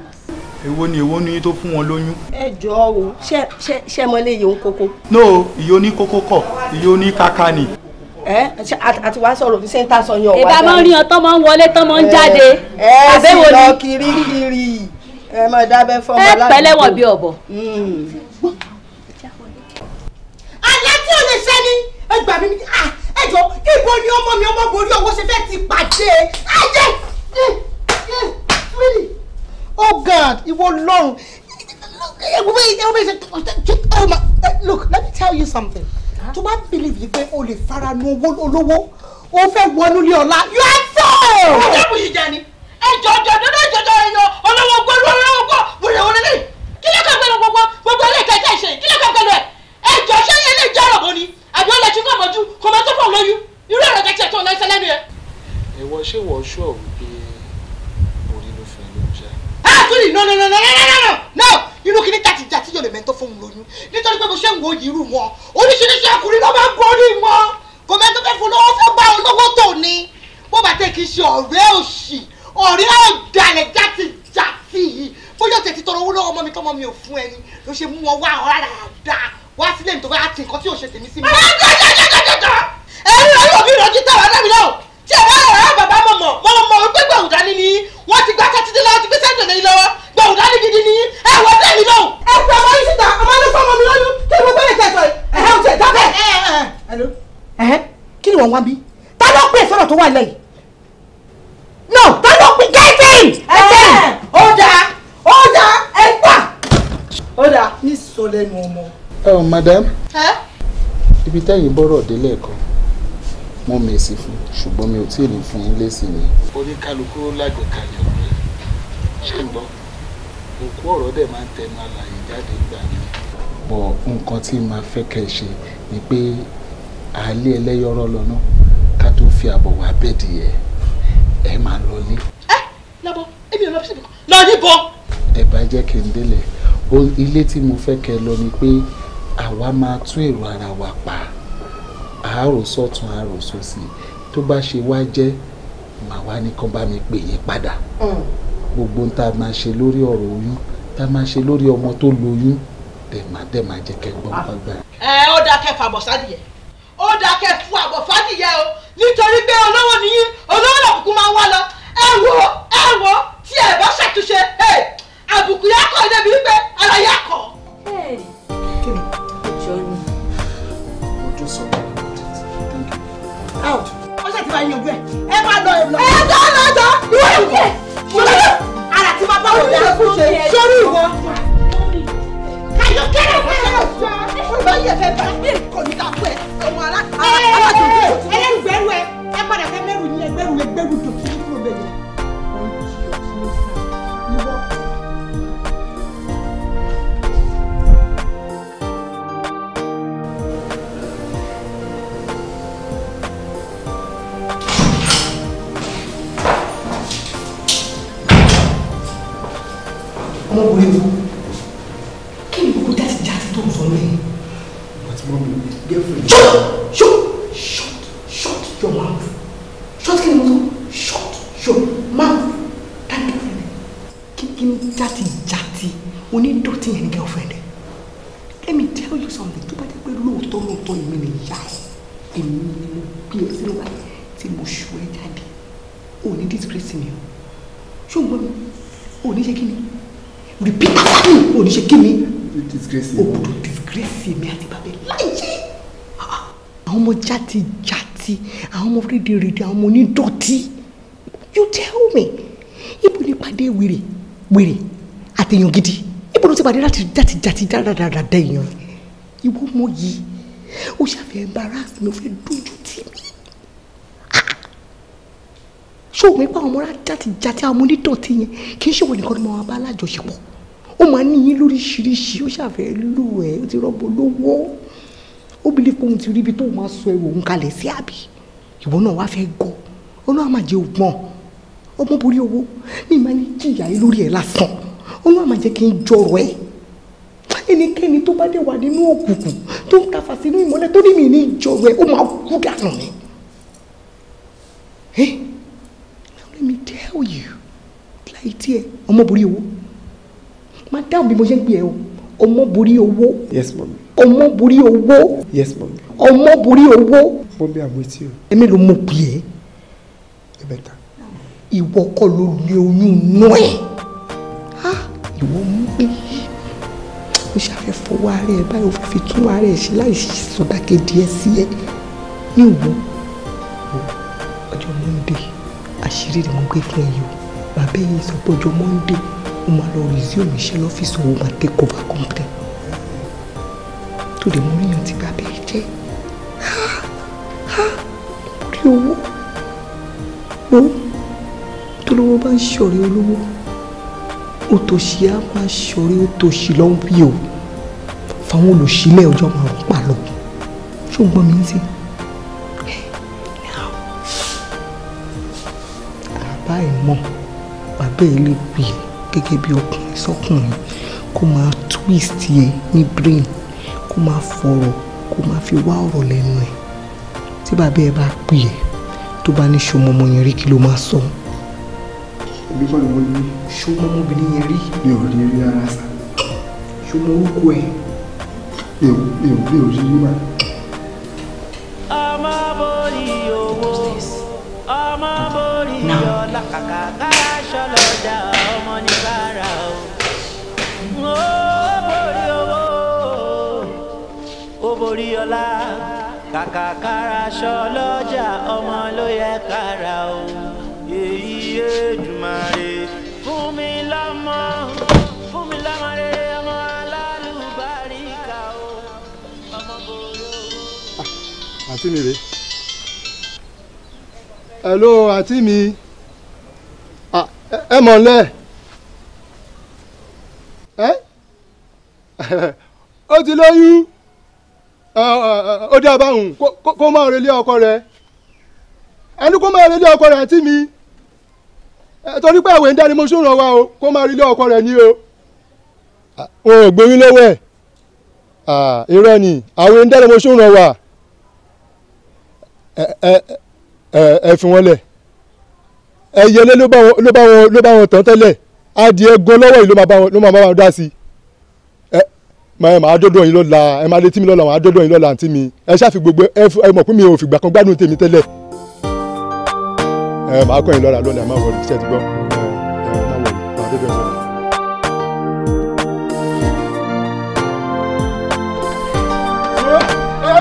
èwo ni èwo ni yín tó fún wọn lóyún. ẹ jọ o ṣe mọ ilé ìyóhun kókó. no ìyó ní kókó kọ ìyó ní kaka ni. ẹ àti wàá sọ̀rọ̀ fíṣẹ ń ta sọ yan ọwọ. ìbá máa ń rí ọ tó máa ń wọlé tó máa ń jáde. ẹ ẹ sì lọ kirikiri ẹ máa dábẹ́ fọmọ aládùúgbò. ẹ pẹ̀lẹ́ wọn bí ọ̀bọ. Mm. gbà mí ah, ẹjọ́ ibo ni ọmọ mi ọmọ borí ọwọ́ ṣe fẹ́ ti pàdé ayé ah, mm, mm, oh god ìwọ lọ́run look let me tell you something To bá believe yìí pé o lè fara nu owó olówó o fẹ́ wọnú ilé ọ̀la you are fool. ọjọ́ kò yí jẹ ni ẹjọ́ ọjọ́ dọ́dọ́ ìjọjọ́ ẹyọ olówó gbọ́dọ̀ olówó gbọ́ wèrè wọlé lẹ́yìn kí ló kàn gbẹ́nu gbogbo gbogbo ilé ìkẹjẹ kí ló kàn gbẹ́nu ẹ̀ ẹjọ́ ṣẹ́yìn ilé ìjọ́rọ̀ bọ́ ni àbí ó lè tún fọmọjú kò máa tó fọmọ lóyún irú ọ̀rọ̀ kẹtì ẹ̀tọ́ ọ̀nà ìṣẹ̀lẹ̀ nìyẹn. ìwọ ṣé wọ ṣọ wípé orí ló fẹ́ ló ń ṣe. àtúrì no no no no no no no no inú kí ní jàtìjà tí yóò lè mẹ́tọ́ fún un lóyún nítorí pé mo ṣe ń wo irú wọn oríṣiríṣi ọkùnrin ló máa ń borí wọn kò mẹ́tọ́ fẹ́ fún lọ́wọ́ fẹ́ gbá olówó tó ní bó bá tẹ́ kí ṣe ọ̀rẹ́ òṣì ọ̀rẹ́ ọ̀dàlẹ̀ jàtìjàtì yìí bóyá tètè tọrọ owó lọ́wọ́ ọmọ mi tọ́mọ mi ò fún ẹni ló ṣe mú wọn wá ọ̀rá dáadáa wá sílé mi tó bá ti nǹkan tí ò ṣe tèmi sí mi. ẹ̀rín ọ̀rọ̀ òbí rẹ̀ ojú táwọn ẹ̀rọ mi náà tí ẹ̀rọ ẹ̀rọ bàbá mọ̀ mọ̀ mọ̀ mọ̀ wípé gbẹ̀wù dání ni wọ́n ti gba tẹ́tí dé lọ́wọ́ ti gbé sẹ́ńtẹ̀ lẹ́yìn lọ́wọ́ gbẹ̀wù dání gidi ni ẹ̀ wọ́n dé mi náà. ẹ fẹ́ ọmọ yìí síta ọmọ ló fọ́ ọmọ mi lóyún kí ni mo gbé lè tẹ̀sọ̀ ẹ̀hẹ́ oúnjẹ dábẹ́. ẹ̀hẹ́ kí ni wọ́n wá bí tá ló pè sọ̀rọ̀ tó wà lẹ́yìn no tá ló pè gẹ́tìn. ẹ̀hẹ́ ó dáa ó dáa ẹ̀ gbà. ó dáa ní sọ lẹ́nu ọmọ ẹ ọ madam ibi tẹ́yìn bọ́rọ̀ dé lẹ́ẹ̀kan mo mèsì fún ṣùgbọ́n mi o tí ì ní fún yín lésì ni. oníkálukú lágbèkalẹ̀ ọ̀rẹ́ ṣé ń gbọ́ òkú ọ̀rọ̀ dẹ̀ máa ń tẹnu àlàyé jáde gbà ní. bọ̀ nǹkan tí màá fẹ́ kẹ́ ẹ ṣe ni pé àálé ẹlẹ́yọ̀rọ̀ lọ́nà ká tó fi àbọ̀ wá bẹ́ẹ̀dì yẹ ẹ máa lọ ní. ẹ lọ́bọ̀ O ò lọ sí ibùkún lọ níbọ̀. ẹ bá jẹ́ kí n délẹ̀ ilé tí mo fẹ́ kẹ́ ẹ ni pé àwa máa tú èrò ara wa pa àárò sọ́tún àárò sósì tó bá ṣe wá jẹ́ màá wá ní kán bá mi pè yín padà mm. gbogbo tá a máa ṣe lórí ọ̀rọ̀ oyún tá a máa ṣe lórí ọmọ tó lóyún dẹ̀mà dẹ̀mà jẹ́ kẹ́gbọ́n gbàgbà. ẹ ó dáa kẹfà àbọ̀sádìyẹ ó dáa kẹfù àbọ̀sádìyẹ o nítorí pé olówó nìyí olówó làbùkù máa ń wá lọ ẹ wò ẹ wò tí ẹ bá ṣàtúnṣe àbùkù yà kọ́ débi pé ara yà kọ́. ó ṣe ti máa yanjú ẹ ẹ máa lọ ẹ lọ. ẹ jọ lọ jọ ìwé ìwé. sori ara ti máa bá wọlé àkúṣe sori ìwọ. káyọ̀ kẹ́rẹ́ kẹ́rẹ́ olóyè fẹ́ bá kò ní ká ọmọkùnrin fún kí ni gbogbo jáde jáde tó ń sọ lẹ́yìn. but mọ́mí girlfriend. shut shut shut shut your mouth shut kí ni mo sọ shut your mouth that girlfriend kí kí ni jáde jáde onídọ̀tí yẹn ni girlfriend let me tell you something tó bá jẹ́ pé lóòótọ́ lóòótọ́ èmi ni ìyá ẹ̀ èmi ni mo bí ẹ sínú báyìí tí mo ṣù ẹ jáde ò ní disgrace mi o ṣùgbọ́n ò ṣe kí ni ò ní ṣe kí mi o gbọ́dọ̀ disgrace mi àti bàbá láyé ah, ah, àwọn ọmọ játijàti àwọn ọmọ rédèrèdè àwọn ọmọ onídọ̀tí you tell me ibo ni pàdé wèrè wèrè àtẹ̀yàn gidi ibo ló ti pàdé láti játijàti dáradára dẹ̀yàn ìwọ ọmọ yìí ó ṣàfihàn embarrass mi ó fẹ́ dojú tì mí ah, ṣé òun pa àwọn ọmọ rájátijàti àwọn ọmọ onídọ̀tí yẹn kì í ṣe òun nìkan ni mo máa bá alájọṣepọ̀ ó máa ní yín lóríṣiríṣi ó ṣàfẹ́ lù ẹ́ ó ti rọ́bọ lówó ó bìlí pé ti rí ibi tó máa sọ ẹrù òun kalẹ̀ sí àbí ìwọ náà wá fẹ́ gọ olúwa máa jẹ ògbọ́n ọmọ borí owó ní ìmọ̀ ní jìyà yín lórí ẹ̀ lásán olúwa máa jẹ́ kí n jọrọ̀ ẹ̀ ẹnikẹ́ni tó bá dé wà nínú òkùnkùn tó ń tafà sínú ìmọ́lẹ̀ tó ní mi ní ìjọrọ̀ ẹ̀ ó máa kú dànù ni. Hey, eh? now let me tell you, láì tiẹ̀ ọmọ borí owó máa dáhùn bí mo ṣe ń pè ẹ́ o ọmọ borí owó. yes mami. ọmọ borí owó. yes mami. ọmọ borí owó. mo bí àwọn etí o. èmi ló mọ̀ pé ẹ́. ẹ bẹ ta. ìwọ kọ́ ló lé oyún inú ẹ̀. ìwọ mú pé ó ṣàfẹ́ fọwọ́ ara ẹ̀ báyìí ó fi tún ara ẹ̀ ṣe láì sọ̀dàkejì ẹ̀ sí ẹ̀ ní ìwọ ọjọ́ monday àṣírí ni mo gbé fún ẹ yìí o bàbá yìí sọ pé ọjọ́ monday ó máa lọ resume iṣẹ́ lọ́fíìsì owó máa take over company tó dé mú ríyàn ti bàbá ẹ jẹ́ lórí owó ló tó lówó bá ń ṣọ̀rẹ́ olówó òtòṣì á máa ṣọ̀rẹ́ òtòṣì lọ́wọ́ bí o fáwọn olùsílẹ̀ ọjọ́ máa ń pa lọ ṣùgbọ́n mi ń sìn. bàbá ẹ̀ mọ̀ bàbá ẹ̀ lè pè é gẹ́gẹ́ bí ọkùnrin sọ́kùnrin kó máa twist yẹ ní brain kó máa fọ̀rọ̀ kó máa fi wá ọ̀rọ̀ lẹ́nu ẹ̀ tí bàbá ẹ bá pè ẹ́ tó bá ní ṣọmọ yẹn rí kí ló máa sọ. ẹbí fún àwọn yìí. ṣọmọ ọmọbìnrin yẹn rí. mi ò rí rí ara sa. ṣọmọ orúkọ ẹ. mi ò mi ò rí rí mà. ọmọ ọlá kàkà kára aṣọ lọ́jà ọmọ ló yẹ kára o èyí Èdùmàrè fún mi lọ́mọ fún mi lọ́mọ rere ọmọ alálùbáríkà o ọmọ bòrò. àǹtí mi rèé hello àǹtí mi ẹ mọ̀ ọ́nlẹ́ ẹ ó ti lóyún ó dá báwọn kó máa relé ọkọ rẹ ẹni kó máa relé ọkọ rẹ àti mi torí pé àwẹ̀ ń dání mo ṣòro wa o kó máa relé ọkọ rẹ ní o. wọn ò gbóyún lọ́wọ́ ẹ̀ irọ́ ni àwẹ̀ ń dání mo ṣòro wa ẹ fi wọn lẹ̀ ẹyẹlé ló bá wọn tán tẹ́lẹ̀ adìẹ gan lọ́wọ́ yìí ló máa bá wọn dá sí i màá dọ́dọ̀ yín lọ́la ẹ máa retí mi lọ́la màá dọ́dọ̀ yín lọ́la àǹtí mi ẹ ṣáà fi gbogbo ẹ mọ̀ pé mi ò fìgbà kan gbádùn tèmi tẹ́lẹ̀ ẹ màá kọ́ yín lọ́la lọ́la ẹ wọlé ṣe ti gbọ́ ẹ má wọlé màá dọ́dọ̀ yín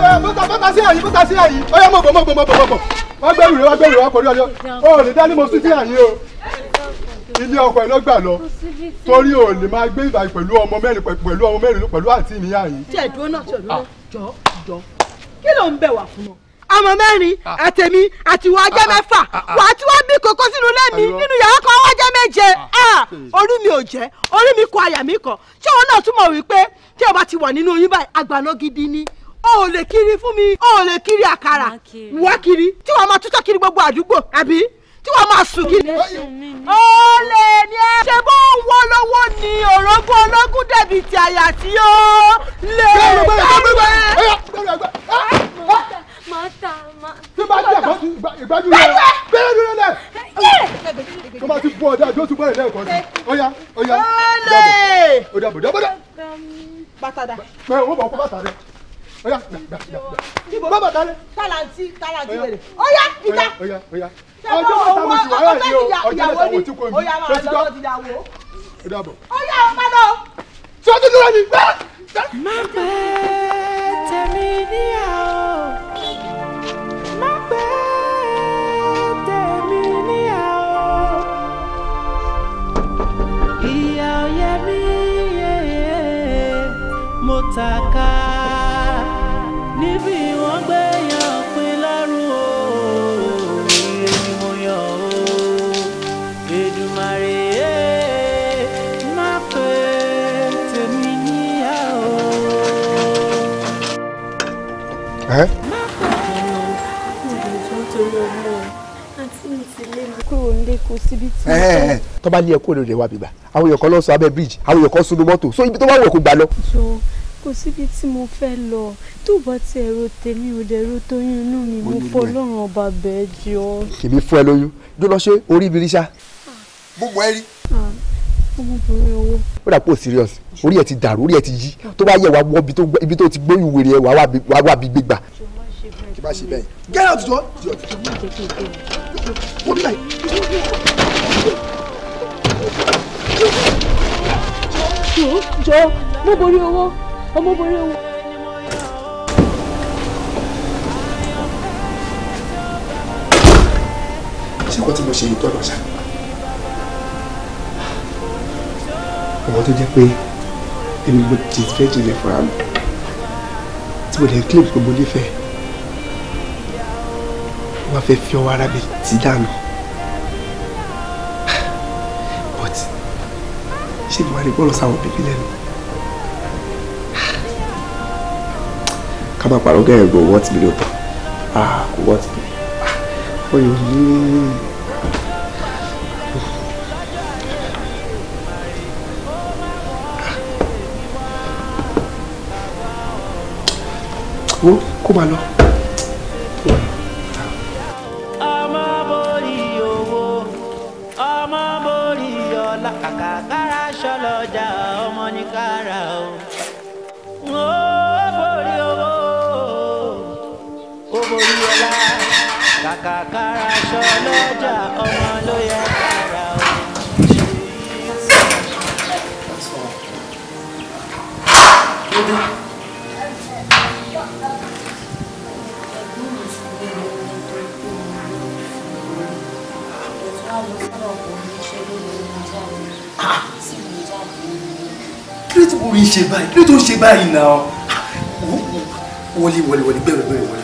lọ́la. bọ́tà bọ́tà sí àyè bọ́tà sí àyè ọyọ mọ̀ bọ̀ mọ̀ bọ̀ mọ̀ bọ̀ wá gbẹ̀rù rẹ wá gbẹ̀rù rẹ wá pọ̀ ilé ọkọ ẹ ló gbà lọ torí o lè máa gbé ìbàdí pẹ̀lú ọmọ mẹ́rin pẹ̀lú ọmọ mẹ́rin pẹ̀lú àti ìníyà yìí. tí ẹ dúró náà tí ẹ dúró náà ah. jọ jọ kí ló ń bẹ̀ wá fún ọ. ọmọ mẹ́rin ah. àtẹ̀mí àti wọ́n ajẹ́ ah, mẹ́fà wà á tí bí kókó sínú lẹ́mi nínú yàrá kan wọ́n ajẹ́ méje orí mi ò jẹ́ orí mi kọ àyà mi kọ ṣé òun náà túmọ̀ wípé tí ọba ti wà nínú oyún báyìí àgbàná gidi ni o ò lè kiri fún mi o ò lè kiri àkàrà wá kiri tí wọ́n máa tútọ́ kiri gbogbo àdúgbò àbí tí wọ́n máa sùn kiri. olè ni ẹ. ṣé bó ń wọ́ lọ́wọ́ ni òrógùn ológun dẹ̀bi ti àyà tí ó lè dáhùn. Mata, mata. Tí bá jẹ́ ìgbájú rẹ̀, bẹ́ẹ̀ ló lẹ̀. Tó bá ti bú ọjà ìjọ tún bẹ̀rẹ̀ lẹ́ẹ̀kan sí. Ọya, ọya. Olè. Ó dàbò, dàbò dà. Bàtà dà. Bẹ́ẹ̀ wọ́n bọ̀ kó bàtà rẹ̀ ó yá gbà gbà gbà. níbo bàbá dalẹ. talanti talanti wẹrẹ ó yá ìjà. ọjọ́ mẹ́ta mo ti wáyà yìí o ọjọ́ mẹ́ta mo ti kó mi. ó yá máa lọ́wọ́ ti yà wò. ó dàbọ̀. ó yá ọmọ náà. tí o ti dúró ni. má pẹ́ tẹ̀mí níyàwó. Taka níbi wọ́n gbé yan pin lárú o ire ni mo yàn o Èdùmàrè má pè tèmi níyà o. ẹ. lé mi kúrò lè wá bíbá àwọn èèyàn kan lọ sọ abẹ́ bíríjì àwọn èèyàn kan sunu mọ́tò so ibi tó bá wọ kó gbà lọ kò síbi tí mo fẹ́ lọ tó bá ti ẹ̀rọ tèmi ò dẹ̀rọ tóyún inú mi mo fọ ọlọ́run ọba bẹ́ẹ̀ jọ. kèmí fún ẹ lóyún jó lọ ṣe orí ibi ríṣà. gbogbo ẹ rí. Ah, ó dà pọ̀ serious orí ẹ ti dàrú orí ẹ ti yí tó bá yẹ wá wọ ibi tó ti gbóyún wèrè ẹ wàá wà bí gbégbà. kí bá ṣe bẹ́ẹ̀ get out jọ. wọ́n bí báyìí. jọ jọ mo borí owó ọmọbìnrin wo. ṣé kò tí mo ṣe yìí tọ́nà ṣá. ọmọ tó jẹ́ pé èmi mo ti fẹ́ jinlẹ̀ fúnra mi tí mo lè claim pé mo nífẹ̀ẹ́ wọ́n fẹ́ fi ọwọ́ ara mi ti dànù. but ṣé ìwà rẹ̀ bọ́ọ̀lù sáwọn bèbí lẹ́nu. ká má pàrọ̀ gẹ́ ẹ̀rọ wọ́ọ̀tì mi ah what? wọ́ọ̀tì mi oyè ní. wo kó máa lọ. ọmọ ní kára o. kàkàkàrà sọ lọ́jà ọmọ ló yẹ kára o. kí ló ti wọ́n ń ṣe báyìí kí ló tó ń ṣe báyìí náà wọlé wọlé wọlé gbẹ̀rẹ̀ gbẹ̀rẹ̀ wọlé.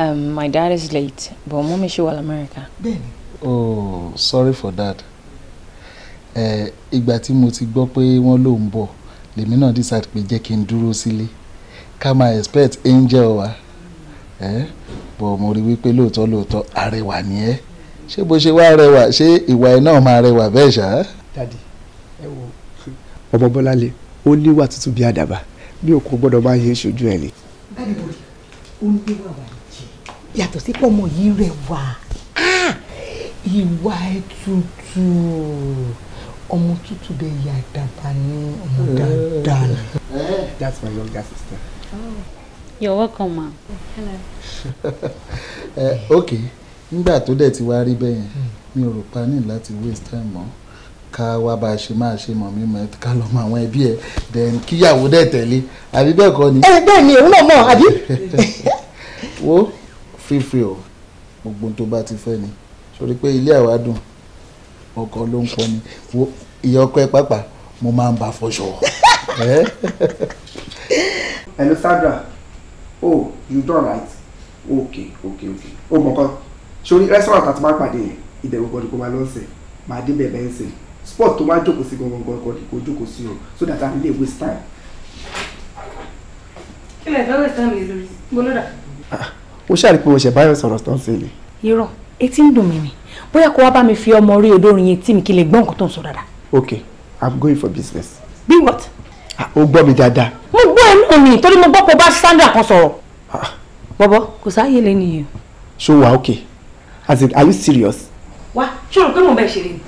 Um, my dad is late, but mommy she wà America. Ben, Oh, sorry for that. Ẹ ìgbà tí mo ti gbọ́ pé wọ́n ló ń bọ̀, lèmi decide pé jẹ́ kí n dúró sílé. Ká expect angel wa. eh? bọ̀ mo rí wípé lóòótọ́ lóòótọ́ arẹwà ni ẹ́. Ṣé bó ṣe wá rẹwà ṣé ìwà ẹ̀ náà máa rẹwà bẹ́ẹ̀ ṣá? Dadi, ẹ wo ọmọ Bọ́láńlé, ó níwà tútù bí àdàbà, bí òkú gbọ́dọ̀ máa yẹ ṣojú ẹ̀ ni. Dadi, ó níwà wà ní yàtọ̀ sí pọ́mọ yìí rẹwà ah! ìwà ẹ̀ ọmọ tútù bẹ yà dàbà ní ọmọ eh. dáadáa eh, that's my younger sister. Oh. you're welcome ma. hello. uh, okay nígbà tó dẹ̀ ti wá rí bẹ́yẹn mi ò rò pa ní láti waste time mọ́ ká wá bá a ṣe máa ṣe mọ̀ mí mọ̀ ká lọ mọ àwọn ẹbí ẹ̀ then kíyàwó dẹ̀ tẹ̀lé àbí bẹ́ẹ̀ kọ́ ni. ẹ bẹ́ẹ̀ ni òun náà mọ̀ àbí. wo feel free o gbogbo tó bá ti fẹ́ ni sórí pé ilé àwádùn ọkọ ló ń pọn ni wo ìyá ọkọ ẹ pàpà mo máa ń bá fọṣọ. hello Sandra oh you don right okay okay okay o mọ̀ kan sórí restaurant àti máa pàdé yẹn ìbẹ̀rù kan ni kò máa lọ́sẹ̀ máa dé bẹ̀rẹ̀ ń sìn sport tó máa jókòó sí gangan gangan ni kò jókòó sí o so that i lè waste time. kí lè fẹ́ waste time lórí gbólódà ó ṣàrí pé oṣù báyọ̀ sọ̀rọ̀ tán sí ni. irọ́ etí ń dùn mí rìn bóyá kó wá bá mi fi ọmọ orí odórin yẹn tí mi kí lè gbọ́ nǹkan tó ń sọ dáadáa. ok i'm going for business. bí what. Ah, o gbọ́ mi dáadáa. mo gbọ́ ẹ náà mi torí mo gbọ́ pé o bá Sandra kan sọ̀rọ̀. Ah. bọ̀bọ̀ kò sáàyè lé nìyẹn. ṣó wa ok as in are you serious. wa ṣòro pé mo bẹ ṣeré ni.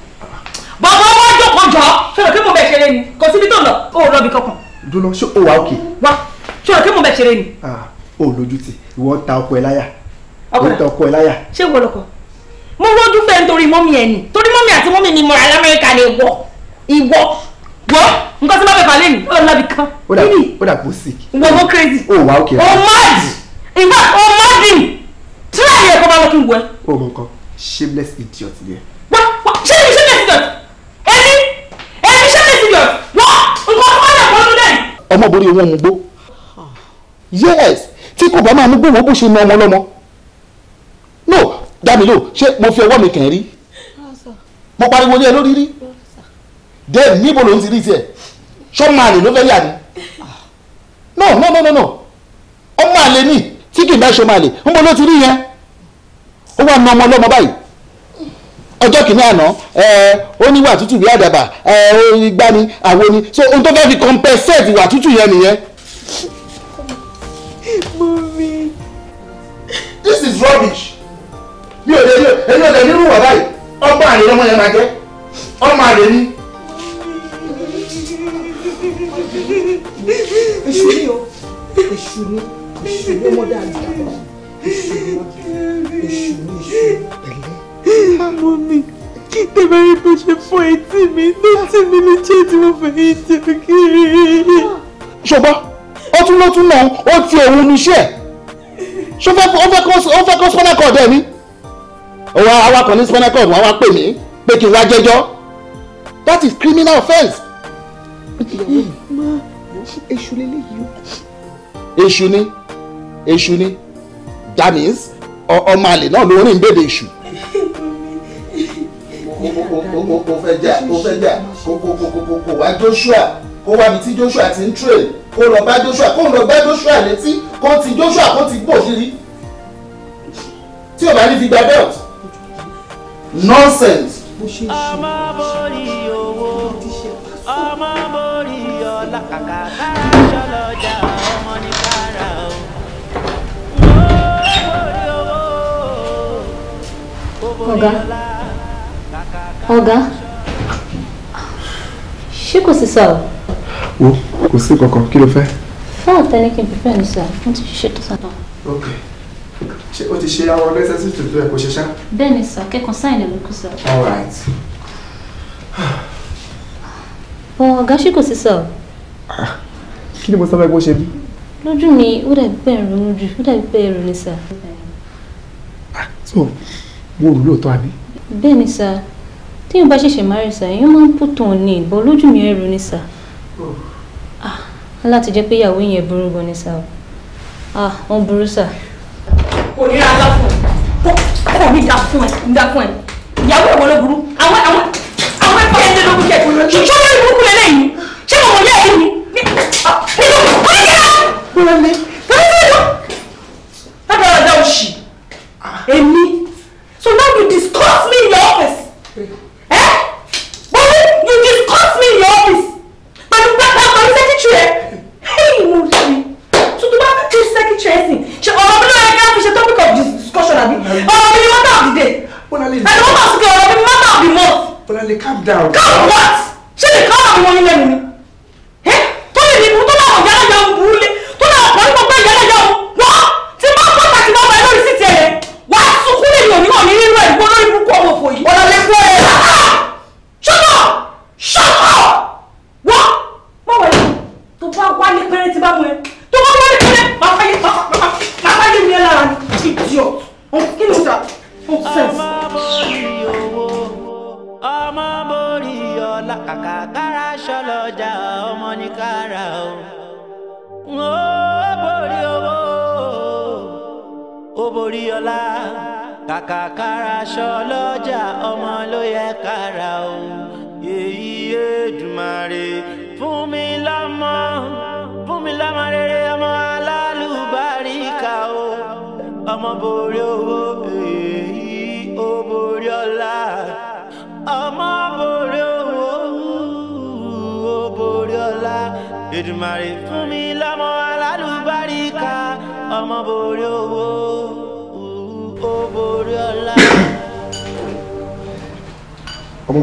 bọ̀bọ̀ wá jókòó jọ ṣòro pé mo bẹ ṣeré ni kò síbi tó lọ o ò lọ kankan. dúró ṣó o wa ok. wa ṣòro pé mo bẹ ṣeré ni. ah o lójú tì ìwọ ta ọkọ ẹ láyà ọkọ ta ọkọ ẹ láyà. ṣé ìwọ lọkọ mo rọjú fẹ́ nítorí mọ́mí ẹ̀ ni torí mọ́mí àti mọ́mí ni mo rà lamẹ́ríkà ni ìwọ ìwọ wọ nǹkan tí bá bẹ̀ balẹ̀ ni ó lọ lábì kan. ó dà ó dà kó sick. ìwọ mo crazy. ó wà ókè. o mad in fact o mad him tí láyé ẹ̀kọ́ bá lọ́kùn wọ ẹ. o mọ nǹkan shameless idiot ni ẹ. wá wá ṣé ibi shameless idiot ẹni ẹni shameless idiot wá nǹkan tó wà lẹ́kọ̀ọ́ lọ́dún náà. ọmọ borí owó mu gbó yes tí kò bá máa mú gbòòwò bó ṣe na ọmọ lọ́mọ no dámilò ṣé mo fi ọwọ́ mi kàn rí mo pariwo ní ẹ lórí rí then níbo ló ń ti rí tiẹ̀ ṣọ́ máa lè ló fẹ́ yà ni no no no no no ọmọ àlè ni tí kì í bá ṣe máa lè ń bọ́ ló ti rí yẹn ó wà na ọmọ lọ́mọ báyìí ọjọ́ kìíní àná ó ní wà tútù bí àdàbà ìgbani àwo ni so ohun tó fẹ́ fi compensate wà tútù yẹn nìyẹn rubbish mi ò lè rí èyí ò lè nínú wà báyìí ọgbọ́n àlè lọ́mọ yẹn máa jẹ́ ọmọ àlè ni. èṣù ni o èṣù ni èṣù ni ọmọ dáadáa èṣù ni èṣù ni èṣù pẹ̀lẹ́. àmọ́ mi kí tèmi rí bó ṣe fọ etí mi létí mi lè jẹ́ tí mo fẹ́ yí jẹ́ kiri. ṣùgbọ́n ó tún náà ó ti òun níṣẹ́ ṣó fẹ́ ó fẹ́ kó spinal cord ẹ̀ ni òwò awakọ̀ ní spinal cord wọn wá pè mí pé kí n wá jẹ́jọ́ that is criminal offence. èṣù lélẹ́yìí o. èṣù ni èṣù ni that means ọmọ àlè náà ló rìn bèbè èṣù. kò fẹ́ jà kò fẹ́ jà kò kò kò kò wá Joshua kó wá mi tí Joshua ti ń train kó lọ bá Joshua kó lọ gbá Joshua létí kó ti Joshua kó ti gbòṣìrí tí o bá ní fi gba belt nonsense. ọmọ borí owó ọmọ borí ọ̀gá ọ̀gá ṣé kò sí sọ̀rọ̀ o kò sí kankan kí ló fẹ́. fún ọ̀tẹ́ ní kí n pípẹ́ ní sà mo ti ṣe tó sàtọ̀. ok ṣé o ti ṣe àwọn necessary to do ẹ kò ṣe ṣá. bẹ́ẹ̀ ni sà kẹ́kọ̀ọ́ ló kù sà. all right. bọ ọ̀gá ṣì kò sí sà. Ah, kí ni mo sọ fẹ́ kó ṣe bí. lójú mi ó dàbí bẹ́ẹ̀ ronú jù ó dàbí bẹ́ẹ̀ ronú sà. Ah, so mo rò lóòótọ́ àbí. bẹ́ẹ̀ ni sà téèyàn bá ṣẹ̀ṣẹ̀ máa rẹ̀ sà èèyàn máa ń put on ní ìbọn lójú mi ẹ̀rù ni sà láti jẹ́ pé ìyàwó yẹn burú gan ni sá o ah wọ́n burú sá. kò ní ra dá fún ẹ kọ́ mi dá fún ẹ dá fún ẹ.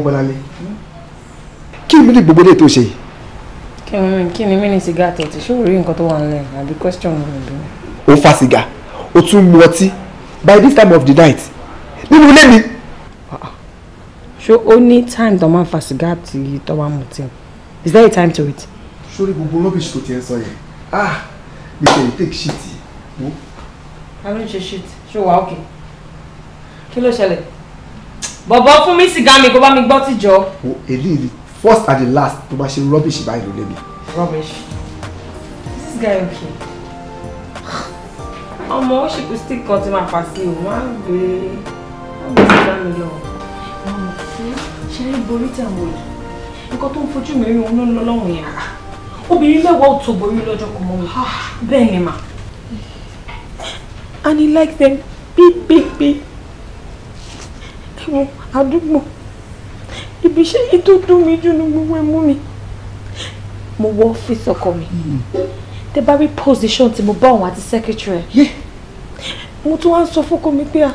owó gbọ́láńlé kí ni mílì gbogbo lè tó ṣe. kí ni mílì sìgá àtẹ̀tì ṣé o rí nǹkan tó wà nílẹ̀ àbí question mi nìbí. ó fa sìgá ó tún mu ọtí by this time of the night nínú ilé mi. ṣé ó ní time tó máa fa sìgá àti tó máa mu tí is there a time to it. sórí gbogbo rubbish tó ti sọ yẹn ah mi kò ní take shit. ta ló ń ṣe shit ṣé wàá òkè kí ló ṣẹlẹ̀ bọ̀bọ̀ fún mi sìgá mi kó bá mi gbọ́ tìjọ. wo eléyìí first and the last tó bá ṣe rubbish báyìí ló lé mi. rubbish is this guy okay? ọmọ ó ṣe kò sí kan tí máa fà sí o wọn á gbé wọn gbé sìgá mi lọ. ọmọ tí ṣe é borí tàwọn yìí nǹkan tó ń fojú mi rí òun ló ń lọ lọ́hùn yẹn obìnrin mẹ́wàá ò tó borí lọ́jọ́ kan mọ́ mi bẹ́ẹ̀ ni mà. and he like them big big big àdúgbò ibi iṣẹ́ yìí tó dùn mí jù ní gbogbo ẹ̀mú mi mo wọ ọ́fíìsì ọkọ mi hmm. tẹ bá rí position tí mo bá òun àti secretary ẹ̀ mo tún wá ń sọ fọ́kọ mi pé ah,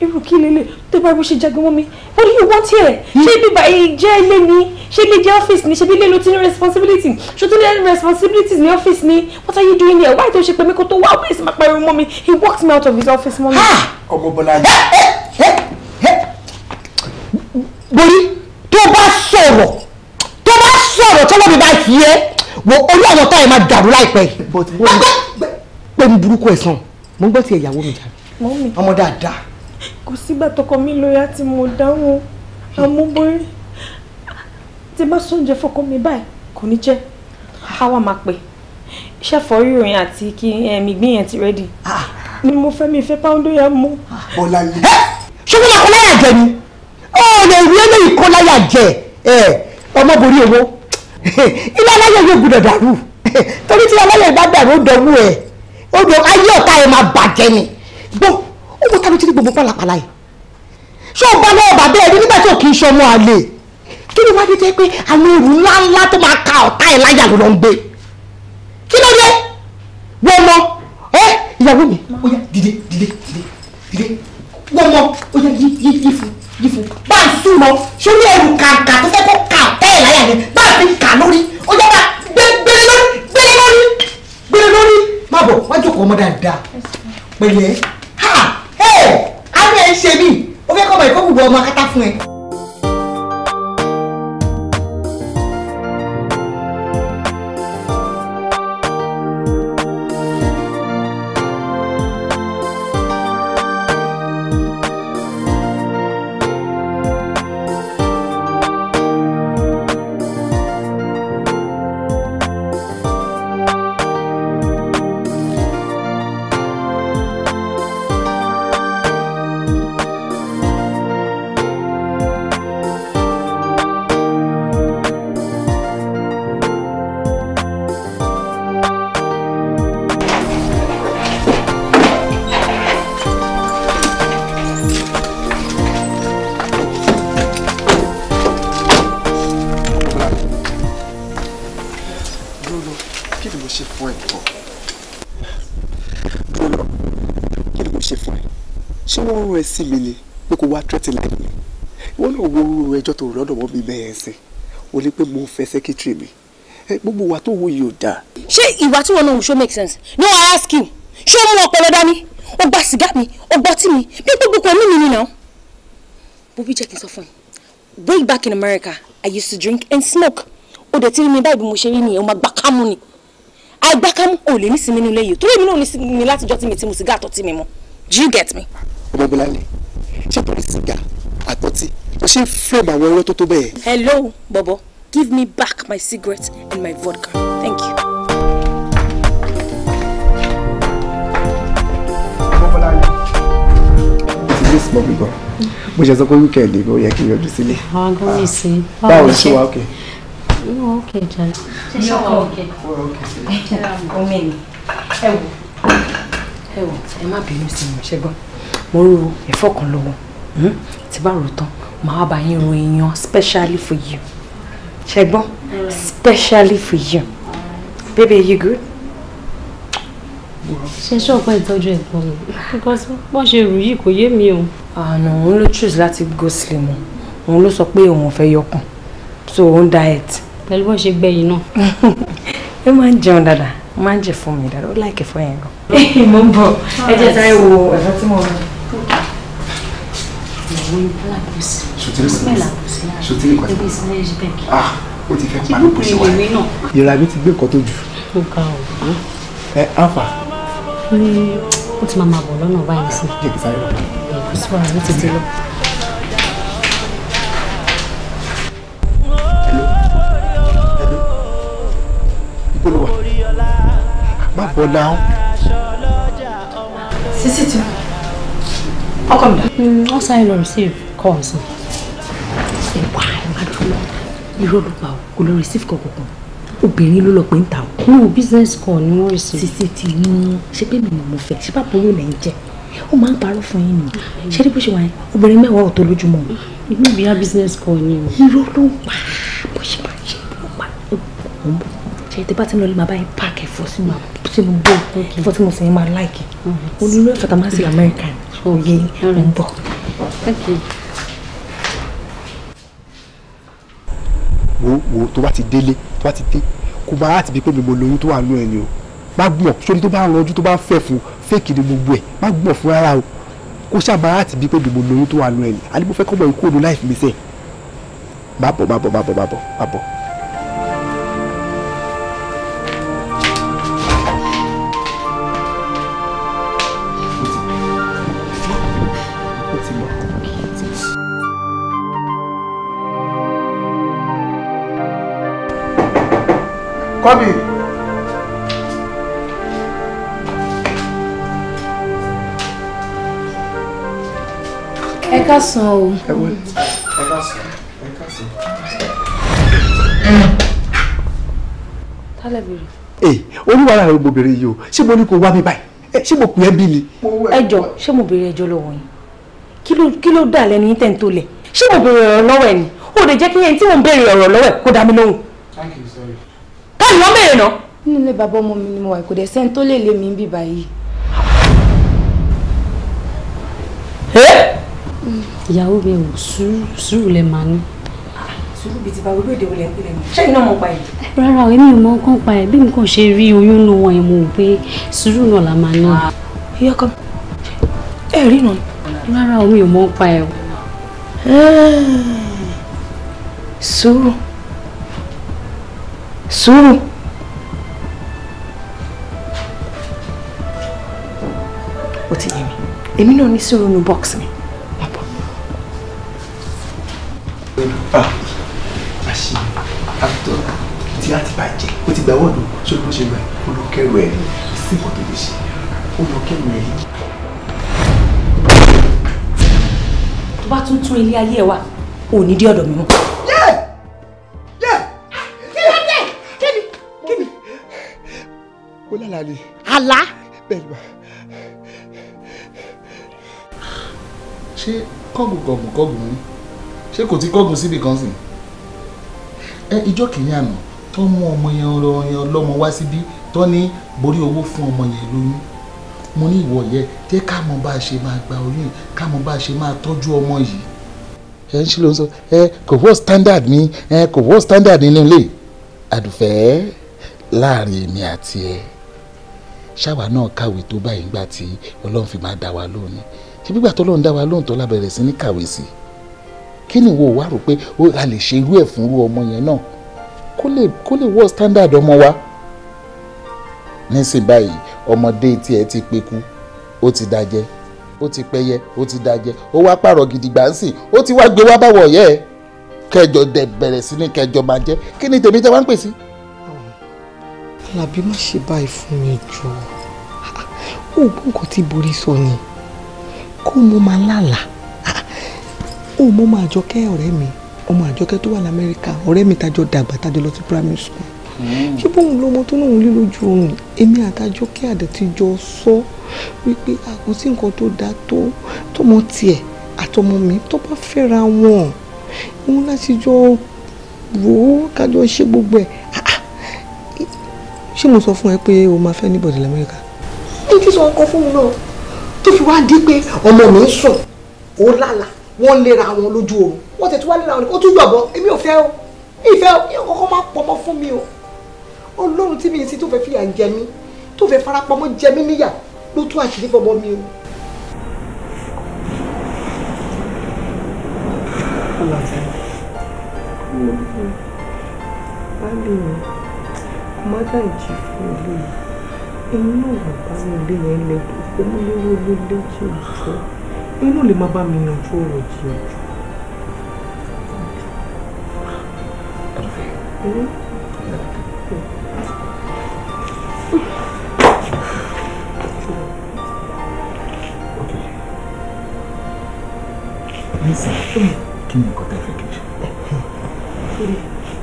irú kí lélẹ̀ tó bá rí ṣe jagun mọ́ mi what do you want here hmm. ṣé ibi báyìí jẹ́ ilé ni ṣé ilé jẹ́ ọ́fíìsì ni ṣé ilé ló ti ní responsibility ṣó tó ní responsibilities ní ọ́fíìsì ni what are you doing here why tó ṣe pé mi kó tó wá ọ́fíìsì máa pariwo mọ́ mi he walked me out of his office mọ́ mi. ọmọ bọlá jẹ borí tó bá sọ̀rọ̀ tó bá sọ̀rọ̀ tọ́wọ́ mi bá fi yẹ wo olú àwọn táyà máa dàrú láìpẹ́ pé mi burúkú ẹ̀ sàn mo ń gbọ́ ti ìyàwó mi jàre ọmọ dáadáa. kò sígbà tọkọ mi lóyà tí mo dáhùn àmọ́ borí tí bá sóúnjẹ fọkọ mi báyìí kò ní jẹ́ àwa máa pè iṣẹ́ fọ́rírìn àti kí ẹ̀mí gbìyànjú ti rẹ́dì ah. ni mo fẹ́ mi fẹ́ pàǹdó yà mú. ọ̀la yìí. ṣé wọ́n yà kọ́ láyà jẹ ni ó lè rí eléyìí kó láyà jẹ ọmọ borí owó ilé aláyẹ̀ yóò gbúdọ̀ dàrú torí tí aláyẹ̀ bá dàrú ó dọ̀wú ẹ̀ ó dọ̀ ayé ọ̀tá ẹ̀ máa bàjẹ́ ni gbọ́ ọmọ tàbí tí gbogbo pàlàpàlà yìí ṣé o bá lọ́wọ́ bàbá ẹ̀rí nígbà tí ò kì í ṣọmọ àlè kí ni wàá dé jẹ́ pé àwọn èrò ńlá ńlá tó máa ka ọ̀tá ẹ̀ láyà ló ń gbé kí ló dé wọ́n mọ ẹ ìyàwó mi ó yá dìde dìde dìde dìde wọ́n mọ ó yá yí yí fún yìfù bá ń sùn lọ sórí ẹrù kàǹkà tó fẹ́ kó kà tẹ́ẹ̀ láyà yẹn bá a fi kà lórí ó yẹ bá gbére lórí gbére lórí gbére lórí má bọ̀ wá jókòó ọmọ dáadáa pẹ̀lẹ́. bẹ́ẹ̀ sí o ní pé mo fẹ́ sẹ́kítírì mi gbogbo wa tó wo yìí ò dáa. ṣé ìwà tí wọn náà wù ṣó make sense no I ask you ṣé o mú ọpọlọ dání o gba sìgá mi o gbọ́ tí mi bí gbogbo kan mímu mi náà. bobi jẹ́ kí n sọ fún ẹ way back in America I used to drink and smoke o dẹ̀ ti rí mi báyìí bí mo ṣe rí nìyẹn o máa gbà kámú ni àìgbàkámú ò lè ní sinmi nílé yìí torí èmi náà ò ní sinmi látijọ́ tí mi ti mu sìgá àtọ̀ mi mu do you get me. ọmọbìnrin ṣètò ìsìgá àpótí mo ṣe ń frame àwọn ọ̀rọ̀ tó tó bẹ́ẹ̀. hello bọ̀bọ̀ give me back my cigarette and my vodka thank you. this morning gan mo ṣe sọ pé weekend ni ó yẹ kí n yọjú sílé. àwọn agbọ́n mi sí báwo ló ṣe wá òkè. wọ́n òkè jàre. ṣe ṣe wọ́n òkè. omi ni ẹ wò ẹ wò ẹ má bínú sí mi ṣẹ́gbọ́n mo rú ẹ̀fọ́ kan lọ́wọ́. Hmm? tí bá rò tán màá bá yín specially for you ṣẹgbọn specially for you baby are you good. ṣe ṣọ́ọ̀pọ̀ ìtọ́jú ẹ̀gbọ́n mi because wọ́n ṣe rù yìí kò yé mi o. àná òun ló choose láti go slim o òun ló sọ pé òun ò so òun diet. pẹ̀lú bó ṣe gbẹ̀yìn náà. ẹ máa ń jẹun dáadáa máa ń jẹ fún mi like ó láìkè fún yẹn gan. mo ń bọ̀ ẹ jẹ́ sáré wo ẹ̀fọ́ tí mo oui, la pousse. Je te laisse. Je te laisse. Ah, o ti fẹ́ pa ló bó ṣe wà. Ìra mi ti gbé nǹkan tó jù. Mo ga o. Ẹ Alfa. Ó ti máa ma bọ̀ lọ́nà báyìí sí. Jẹ́ kí sáré lọ. Kò sí wàhálà ní tètè lọ. Má bọ̀ dáhùn. Sísítì ọkọ mi dà. wọ́n sáré lọ receive calls. ṣe wá ìmàdúró irọ́ ló pa ọ́ kò lọ receive call kankan obìnrin ló lọ pé ń ta ọ́. mo business call ni wọ́n receive. títí tí yín ṣe pé mi ni mo fẹ́ ṣé bàbá olóòlẹ̀ ń jẹ́ ó máa ń parọ́ fún yín ni ṣé ní bó ṣe wà yẹn obìnrin mẹ́wàá ọ̀tọ̀ lójúmọ́ o. inú mi business call ni o. irọ́ ló ń pa bó ṣe máa ń ṣe ló pa òun bò ṣe tẹ bá ti ń lọ lé màá bá yín páàkì ẹ̀fọ́ sínú bó ẹ̀fọ́ tí mo sì ń máa láìkì. onírúurú ẹ̀fọ́ tá máa ń sè lamẹ́ríkà ni òye ẹ̀rù ń bọ̀. wo wo To bá ti délé To bá ti dé kó bá láti bí pé mi mo lóyún tó wà nù ẹ̀ ni o má gbọ̀n sórí tó bá ń ranjú tó bá ń fẹ́ fún fẹ́ẹ̀kì ni gbogbo ẹ̀ má gbọ̀n fún rárá o kó sábà láti bí pé mi mo lóyún tó wà nù ẹ̀ ni àní mo fẹ́ kọ́ mọ̀ ikú òdu mi sẹ́ẹ̀ má bọ̀ má bọ̀ má bọ̀ má bọ̀ má bọ̀. Bobby. Ẹ káàsán o. Ẹ wọlé. Ẹ káàsán. Ẹ káàsán. Tálẹ̀ bèrè. Ee, eh, o, ṣé mo ní kó wá mi báyìí? se eh, mo pè é bí ni? Ẹ jọ, ṣé mo bèrè ẹjọ́ lọ́wọ́ yín? Kí ló kí ló dà lẹ́nu yín tẹ̀ ń mo bèrè ọ̀rọ̀ lọ́wọ́ ni? O lè jẹ́ kí ẹni tí mo ń bèrè ọ̀rọ̀ lọ́wọ́ ẹ̀ kó mi lóhùn. Thank you, sorry táyì wọ́n béèrè náà. nínú ilé bàbá ọmọ mi ni mo wà kò dẹ̀ sẹ́ni tó lè lé mi bí báyìí. ìyàwó mi ò sùúrù sùúrù lẹ máa ní. sùúrù bíi ti bàbá olóde olè ìpínlẹ̀ mi ṣé iná mọ̀ pa ẹ̀. rárá èmi ò mọ nǹkan pa ẹ̀ bí nǹkan ṣe rí oyún ló wọn ẹ̀ mọ̀ pé sùúrù náà la máa ná. ìyá kan ẹ rí nà. rárá omi ò mọ pa ẹ̀ o. sùúrù sùúrù. o ti yé mi èmi náà ní sùúrù nu box mi wọ́n bọ̀. ah àṣì àtọ̀ tí a ti bàjẹ́ ó ti gbà wọ́ọ̀dù sórí bó ṣe gbà olùkẹ́rù ẹ̀ sí nǹkan tó lè ṣe olùkẹ́rù ẹ̀ yìí. tó bá tún tún ilé ayé ẹ wá ò ní dé ọ̀dọ̀ mi mọ́. àlá ni. àlá. bẹ́ẹ̀ ni ma. ṣé kọ́gùn kọ́gùn kọ́gùn ni ṣé kò ti kọ́gùn síbi kan sí ẹ ìjọ kìíní àná tó mú ọmọ yẹn yan lọ́mọ wá síbí tó ní borí owó fún ọmọ yẹn lóyún mo ní ìwọ yẹ jẹ́ ká mọ̀ bá a ṣe máa gba oyún ká mọ̀ bá a ṣe máa tọ́jú ọmọ yìí ẹ ń ṣe ló ń sọ ẹ kò wọ́ standard mi ẹ kò wọ́ standard nínú ilé àdùfẹ́ láàrin èmi àti ẹ ṣáwa náà kàwé tó báyìí gbà tí ọlọ́run fi máa dá wa lóhùn ni ṣé gbígbà tó ọlọ́run dá wa lóhùn tó lábẹ̀rẹ̀ sí ní kàwé sí kí ni wo wá rò pé a lè ṣe irú ẹ̀ fún irú ọmọ yẹn náà kó lè kó lè wọ́ standard ọmọ wa nísìn báyìí ọmọdé tí ẹ ti peku ó ti dájẹ́ ó ti pẹ́yẹ ó ti dájẹ́ ó wá pààrọ̀ gidigba ń sìn ó ti wá gbé wá báwọ̀ yẹ kẹjọ dẹ̀ bẹ̀rẹ̀ sí ní kẹjọ máa jẹ́ kí ni tèmi tẹ wá ń pè Si? alábí má ṣe báyìí fún mi jù ó gbọ́ nǹkan tí borí sọ ni kó mo máa lálàá ó mo máa jọkẹ́ ọ̀rẹ́ mi ọmọ àjọkẹ́ tó wà lamẹ́ríkà ọ̀rẹ́ mi tajọ dàgbà tajọ lọ sí primary school hmm. ṣé bóun lọmọ tó náà ń lé lójú oorun èmi àtàjọkẹ́ àdẹ̀tijọ́ sọ wípé àkó sí nǹkan tó dáa tó tọmọ tiẹ̀ àtọmọ mi tó bá fẹ́ra wọn òun láti jọ wò ó kájọ ṣe gbogbo ẹ̀ ṣé mo sọ fún ẹ pé o máa fẹ́ níbọ̀dì lamẹ́ríkà. ní kí sọ ọkọ fún mi náà tó fi wá di pé ọmọ mi ń sùn ó lálà wọ́n lera wọn lójú oorun wọ́n tẹ̀ tí wá lera wọn ó tún gbàgbọ́ èmi ò fẹ́ o ìfẹ́ ọkọ máa pọmọ fún mi o ọlọ́run tí mi sí tó fẹ́ fìyà jẹ mí tó fẹ́ farapamọ́ jẹ mí níyà ló tún àṣírí fọmọ mi o. Thank you mọ́tà ìjì fún ilé yìí inú ọ̀rọ̀ bá ní ilé yẹn lẹ tó fẹ́ mú lérò lélẹ́ jì jọ inú lè má bá mi yanjú ọ̀rọ̀ jì jọ. Listen, kí ni nǹkan tẹ́ fẹ́ kí n ṣe? Kí ni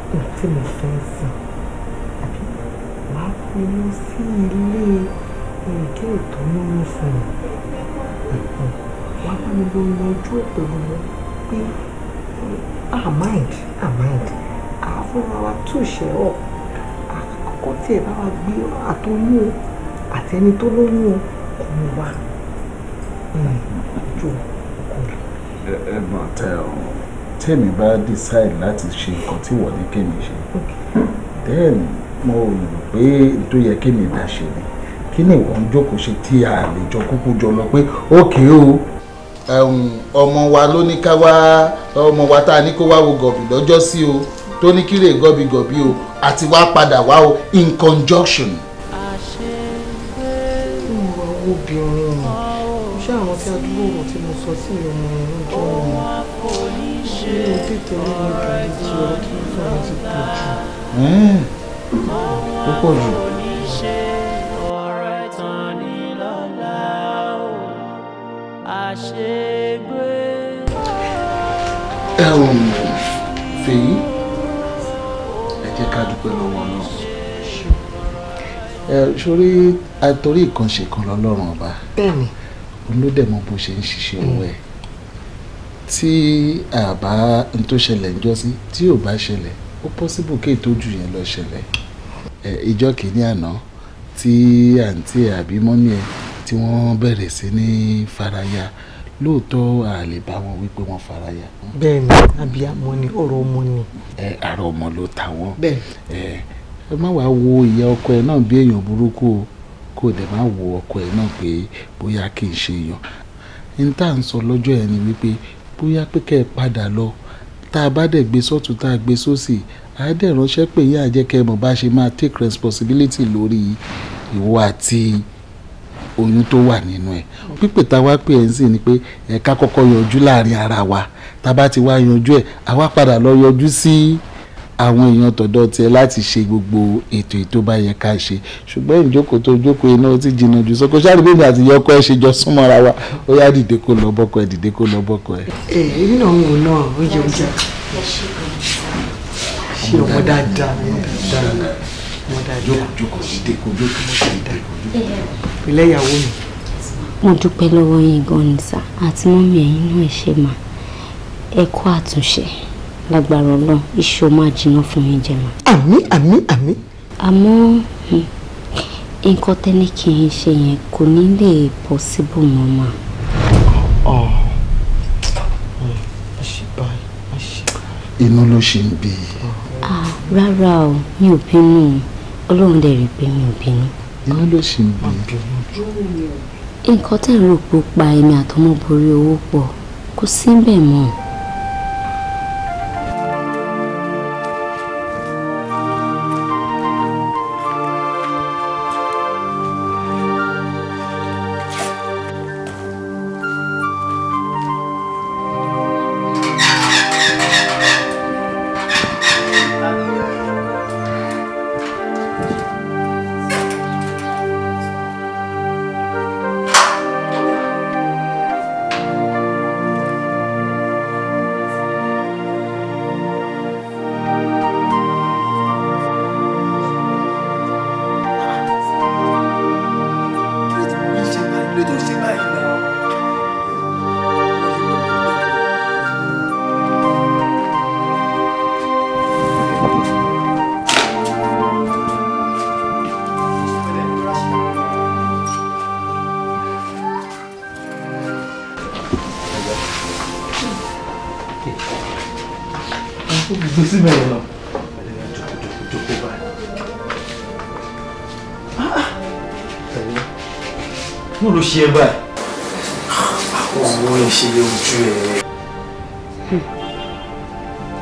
nǹkan tí mo fẹ́? mi lọ sí ilé ẹ̀kẹ́ ìtọ́mọ́nisìn wá bá mi lọ yanjú ẹ̀ pẹ̀lú wọn pé àmáìd ah, àmáìd ah, àfúnra wa túṣẹ̀ ọ̀ àkọ́kọ́ tí ẹ̀ bá wa gbé àtọ́yún o àtẹni tó lóyún o kò mú wa jù kò. ẹ ẹ mọ tẹ ọ tèmi bá decide láti ṣe nǹkan tí wọ́n ní kémi ṣe then mo rò pé tó yẹ kí mi dá ṣe ni kí ni ìwọ ń jókòó ṣe tí a lè jọ kúkú jọ lọ pé ókè o ọmọ wa ló ní ká wá ọmọ wa tá a ní kó wá wo gọ̀bì lọ́jọ́ sí o tó ní kílè gọbigọbi o àti wá padà wá o in conjunction. ìwà obìnrin o ṣé àwọn tí adúgbò wò tí mo sọ sí ọmọ ẹ̀rọ jọ ọmọ mi ò tètè rí mi bàbá tó ń fà mí ti ó pọ̀ jù. fèyí ẹ jẹ́ ká dúpẹ́ lọ́wọ́ náà ẹ sórí àtòrí ìkànṣe kan lọ́lọ́run ọba bẹ́ẹ̀ni olódẹ̀mọ bó ṣe ń ṣiṣẹ́ owó ẹ̀ tí àbá ń tó ṣẹlẹ̀ ń jọ́sí tí ò bá ṣẹlẹ̀ ó possible kí ètò ojú yẹn lọ ṣẹlẹ̀ ìjọ kìíní àná tí àǹtí àbí mọ́mí ẹ tí wọ́n bẹ̀rẹ̀ sí ní faraya lóòótọ́ àlè bá wọn wípé wọ́n faraya. bẹ́ẹ̀ni abiyamọ ni ọ̀rọ̀ ọmọ ni. ẹ àrò ọmọ ló ta wọn. bẹ́ẹ̀ ẹ ẹ má wàá wo ìyá ọkọ ẹ náà bí èèyàn burúkú o kò dẹ̀ má wo ọkọ ẹ náà pé bóyá kì í ṣe èèyàn. n tá à ń sọ lọ́jọ́ ẹ ni wípé bóyá pé kẹ́ ẹ padà lọ tá a bá dẹ̀ gbé sọ́tún tá a gbé sósì á dẹ̀ ránṣẹ́ pé yíyá jẹ́ kẹ́ ẹ mọ̀ bá ṣe máa take responsibility lórí ìwọ àti oyún tó wà nínú ẹ pípè tá a wá pè ẹ́ ń sìn ni pé ẹ̀ka kọ́kọ́ yanjú láàrin ara wa tá a bá ti wá yanjú ẹ̀ àwa padà lọ yanjú sí. Si àwọn èèyàn tọ̀dọ̀ tiẹ̀ láti ṣe gbogbo ètò ètò bá yẹ ká ṣe ṣùgbọ́n ìjókòó tó jókòó iná ó ti jìnnà jù sọ́kò sáré bèbè àti yọkọ ẹ ṣe jọ súnmọ́ra wa ó yá dìde kó lọ bọ́kọ ẹ dìde kó lọ bọ́kọ ẹ. ẹ ẹ nínú àwọn òun náà ó jẹ oúnjẹ ṣe ọmọ dáadáa ọmọ dáadáa jókòó dìde kó jókòó dìde kó jókòó. ilé ìyàwó mi. mo dúpẹ́ lọ́wọ́ yín gan-an sá àti mọ́mí ẹ̀yin náà ẹ ṣe máa ẹ kó àtúnṣe lágbára ọlọ́run iṣu máa jiná fún yín jẹ mà. àmín àmín àmín. àmọ́ hmm, nǹkan tẹ́ni kì í ṣe yẹn kò ní lè possible mọ́ mà. Ah, ah. hmm, inú ló ṣe ń bí i. Ah, rárá o mi ò bínú ọlọ́run dẹ̀ rí pé mi ò bínú. inú ló ṣe ń bí i. nǹkan tẹ̀ ń rò pé ó pa ẹ̀mí àtọmọ́borí owó pọ̀ kò sí bẹ́ẹ̀ mọ́. ṣe é báyìí. owó ìṣẹ̀lẹ̀ ojú ẹ̀.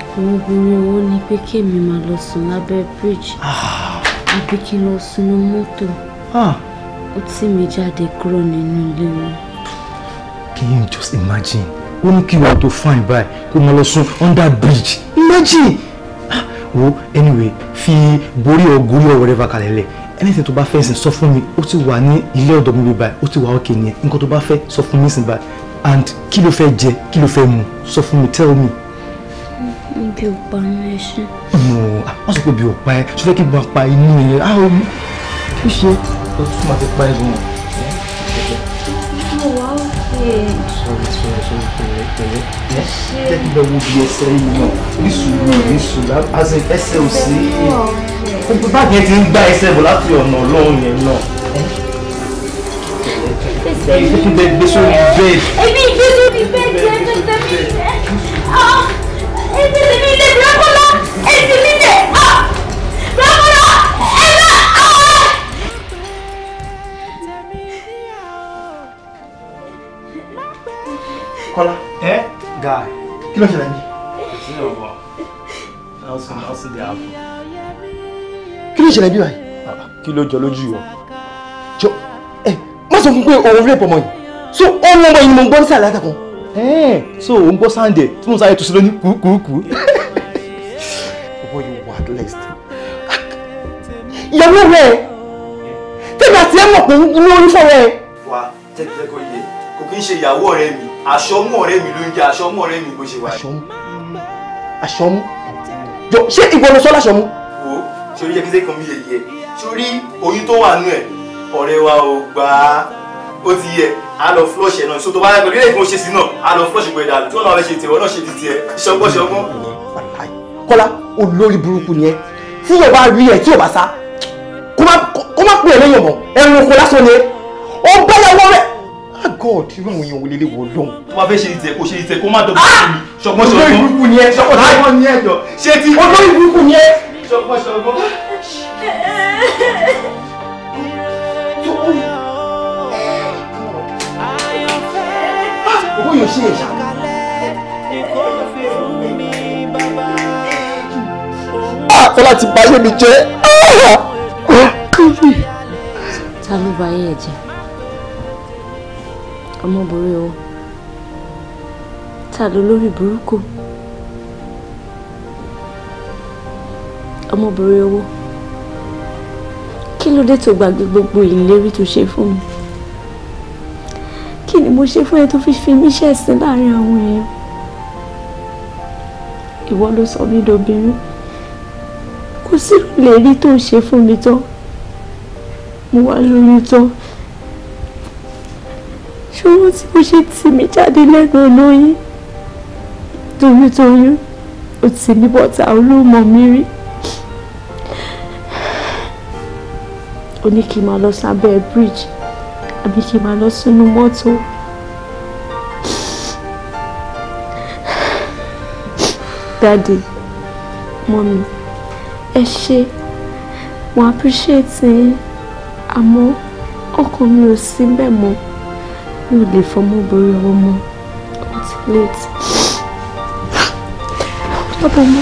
àwọn obìnrin owó ni pé kémi máa lọ sùn lábẹ́ bíríjì ah. àbí kí n lọ sínú mọ́tò ah. ó tì mí jáde kúrò nínú ilé wọn. can you just imagine ó ní kí wọn tó fine báyìí kó máa lọ sùn under bridge imagine. Ah, wo anyway fi borí ọgórí ọ̀rẹ́ bá kalẹ̀ lẹ̀ anything tó bá fẹ́ sìn sọ fún mi ó ti wà ní ilé ọ̀dọ̀ mi bíbá ó ti wà òkè nìyẹn nǹkan tó bá fẹ́ sọ fún mi sìn báyìí and kí ló fẹ́ jẹ kí ló fẹ́ mu sọ fún mi tell me. ibi ò pa mi ẹ ṣe. wọ́n sọ pé ibi ò pa ẹ ṣọlá kí n bá pa inú ẹ á o kí ṣe. o tún máa ti pa ẹ gan mo wà á tẹ́tẹ́ wo mi ẹ̀ gbé sórí bẹ́ẹ̀. èmi mi. ẹsẹ̀ Kọ́lá. Ẹ guy. Kí ló ṣẹlẹ̀ ní? Kò sí ọ̀bọ̀. Nelson Nelson dey happen. Kí ló ṣẹlẹ̀ bí báyìí? Ah, kí ló jọ lójú ìwọ? Jọ ẹ má sọ fún pé òun rape ọmọ yìí. So ọmọ ọmọ yìí ni mo ń gbọ́ ní sàlẹ̀ àtàkùn. Ẹ́ẹ̀ so òun gbọ́ Sunday tí mo sáré tu sí lónìí kùkùkù. Ọwọ́ yóò wà at least. Ìyàwó rẹ̀ tẹ̀gbà tí ẹ mọ̀ pé ń lóyún fọ́rẹ́. Wà jẹ́ kí jẹ́ kó yẹ kò kí ń ṣe ìyàwó ọ̀rẹ́ mi aṣọmú ọ̀rẹ́ mi ló ń jẹ́ aṣọmú ọ̀rẹ́ mi bó ṣe wà. aṣọmú aṣọmú jọ ṣé ìwọ ló sọ láṣọmú. wo sori jẹ́ oyún tó wà nù ẹ̀ ọ̀rẹ́ wa ò gbà á ó ti yẹ a lọ flush ẹ̀ náà so tó bá yẹ pẹ̀lú ilé ìfowópamọ́ ṣe sí náà a lọ flush pẹ̀lú ìdàlú tí wọ́n náà fẹ́ ṣe tiwọn náà ṣe ti tiẹ̀ ṣọgbọ́n ṣọgbọ́n. kọ́lá olórí burúkú ni ẹ tí yóò bá rí ẹ tí yóò bá sá kó má pè é lẹ́yìn ọmọ ẹ̀rùn oko lásán ni ẹ ó bẹ́ẹ̀ lọ́wọ́ rẹ̀ ah god irú àwọn èèyàn wo lélẹ̀ wọ lọ́hùn. tó bá fẹ́ ṣe ìtẹ̀ kó ṣe ìtẹ̀ kó má dọ̀bọ̀ sí mi. ṣọgbọ́n ṣọgbọ́n olórí burúkú ni ẹ ṣọgbọ́n ṣọgbọ́n ni ẹ jọ ṣé ti. olórí burúkú ni ẹ. ṣọgbọ́n ṣọgbọ́n. owó yóò ṣe é ṣá. Kọ́lá ah, ti bà ayé mi jẹ́. Ah, ah. Ta ló bà ayé ẹ̀ jẹ́? ọmọbìnrin o ta ló lórí burúkú ọmọbìnrin owó kí ló dé tó gbàgbé gbogbo ìlérí tó ṣe fún mi kí ni mo ṣe fún ẹ tó fi fi mí ṣẹ̀sín láàrin àwọn èèyàn ìwọ ló sọ mí dobìnrin kò sí ìlérí tó ṣe fún mi tán mo wá lóyún tán ṣòro tí mo ṣe tì mí jáde lẹ́nu olóyún toyúntoyún ó tì mí bọ́ta olóòmọ mi rí ó ní kí n máa lọ sábẹ́ bridge àbí kí n máa lọ sínú mọ́tò. dáàdì mọ́mi ẹ ṣe mo appreciate yín àmọ́ ọkàn mi ò sí bẹ́ẹ̀ mọ́ mi ò lè fọmọ borí ọwọ́ mọ́ late. Bàbá mi.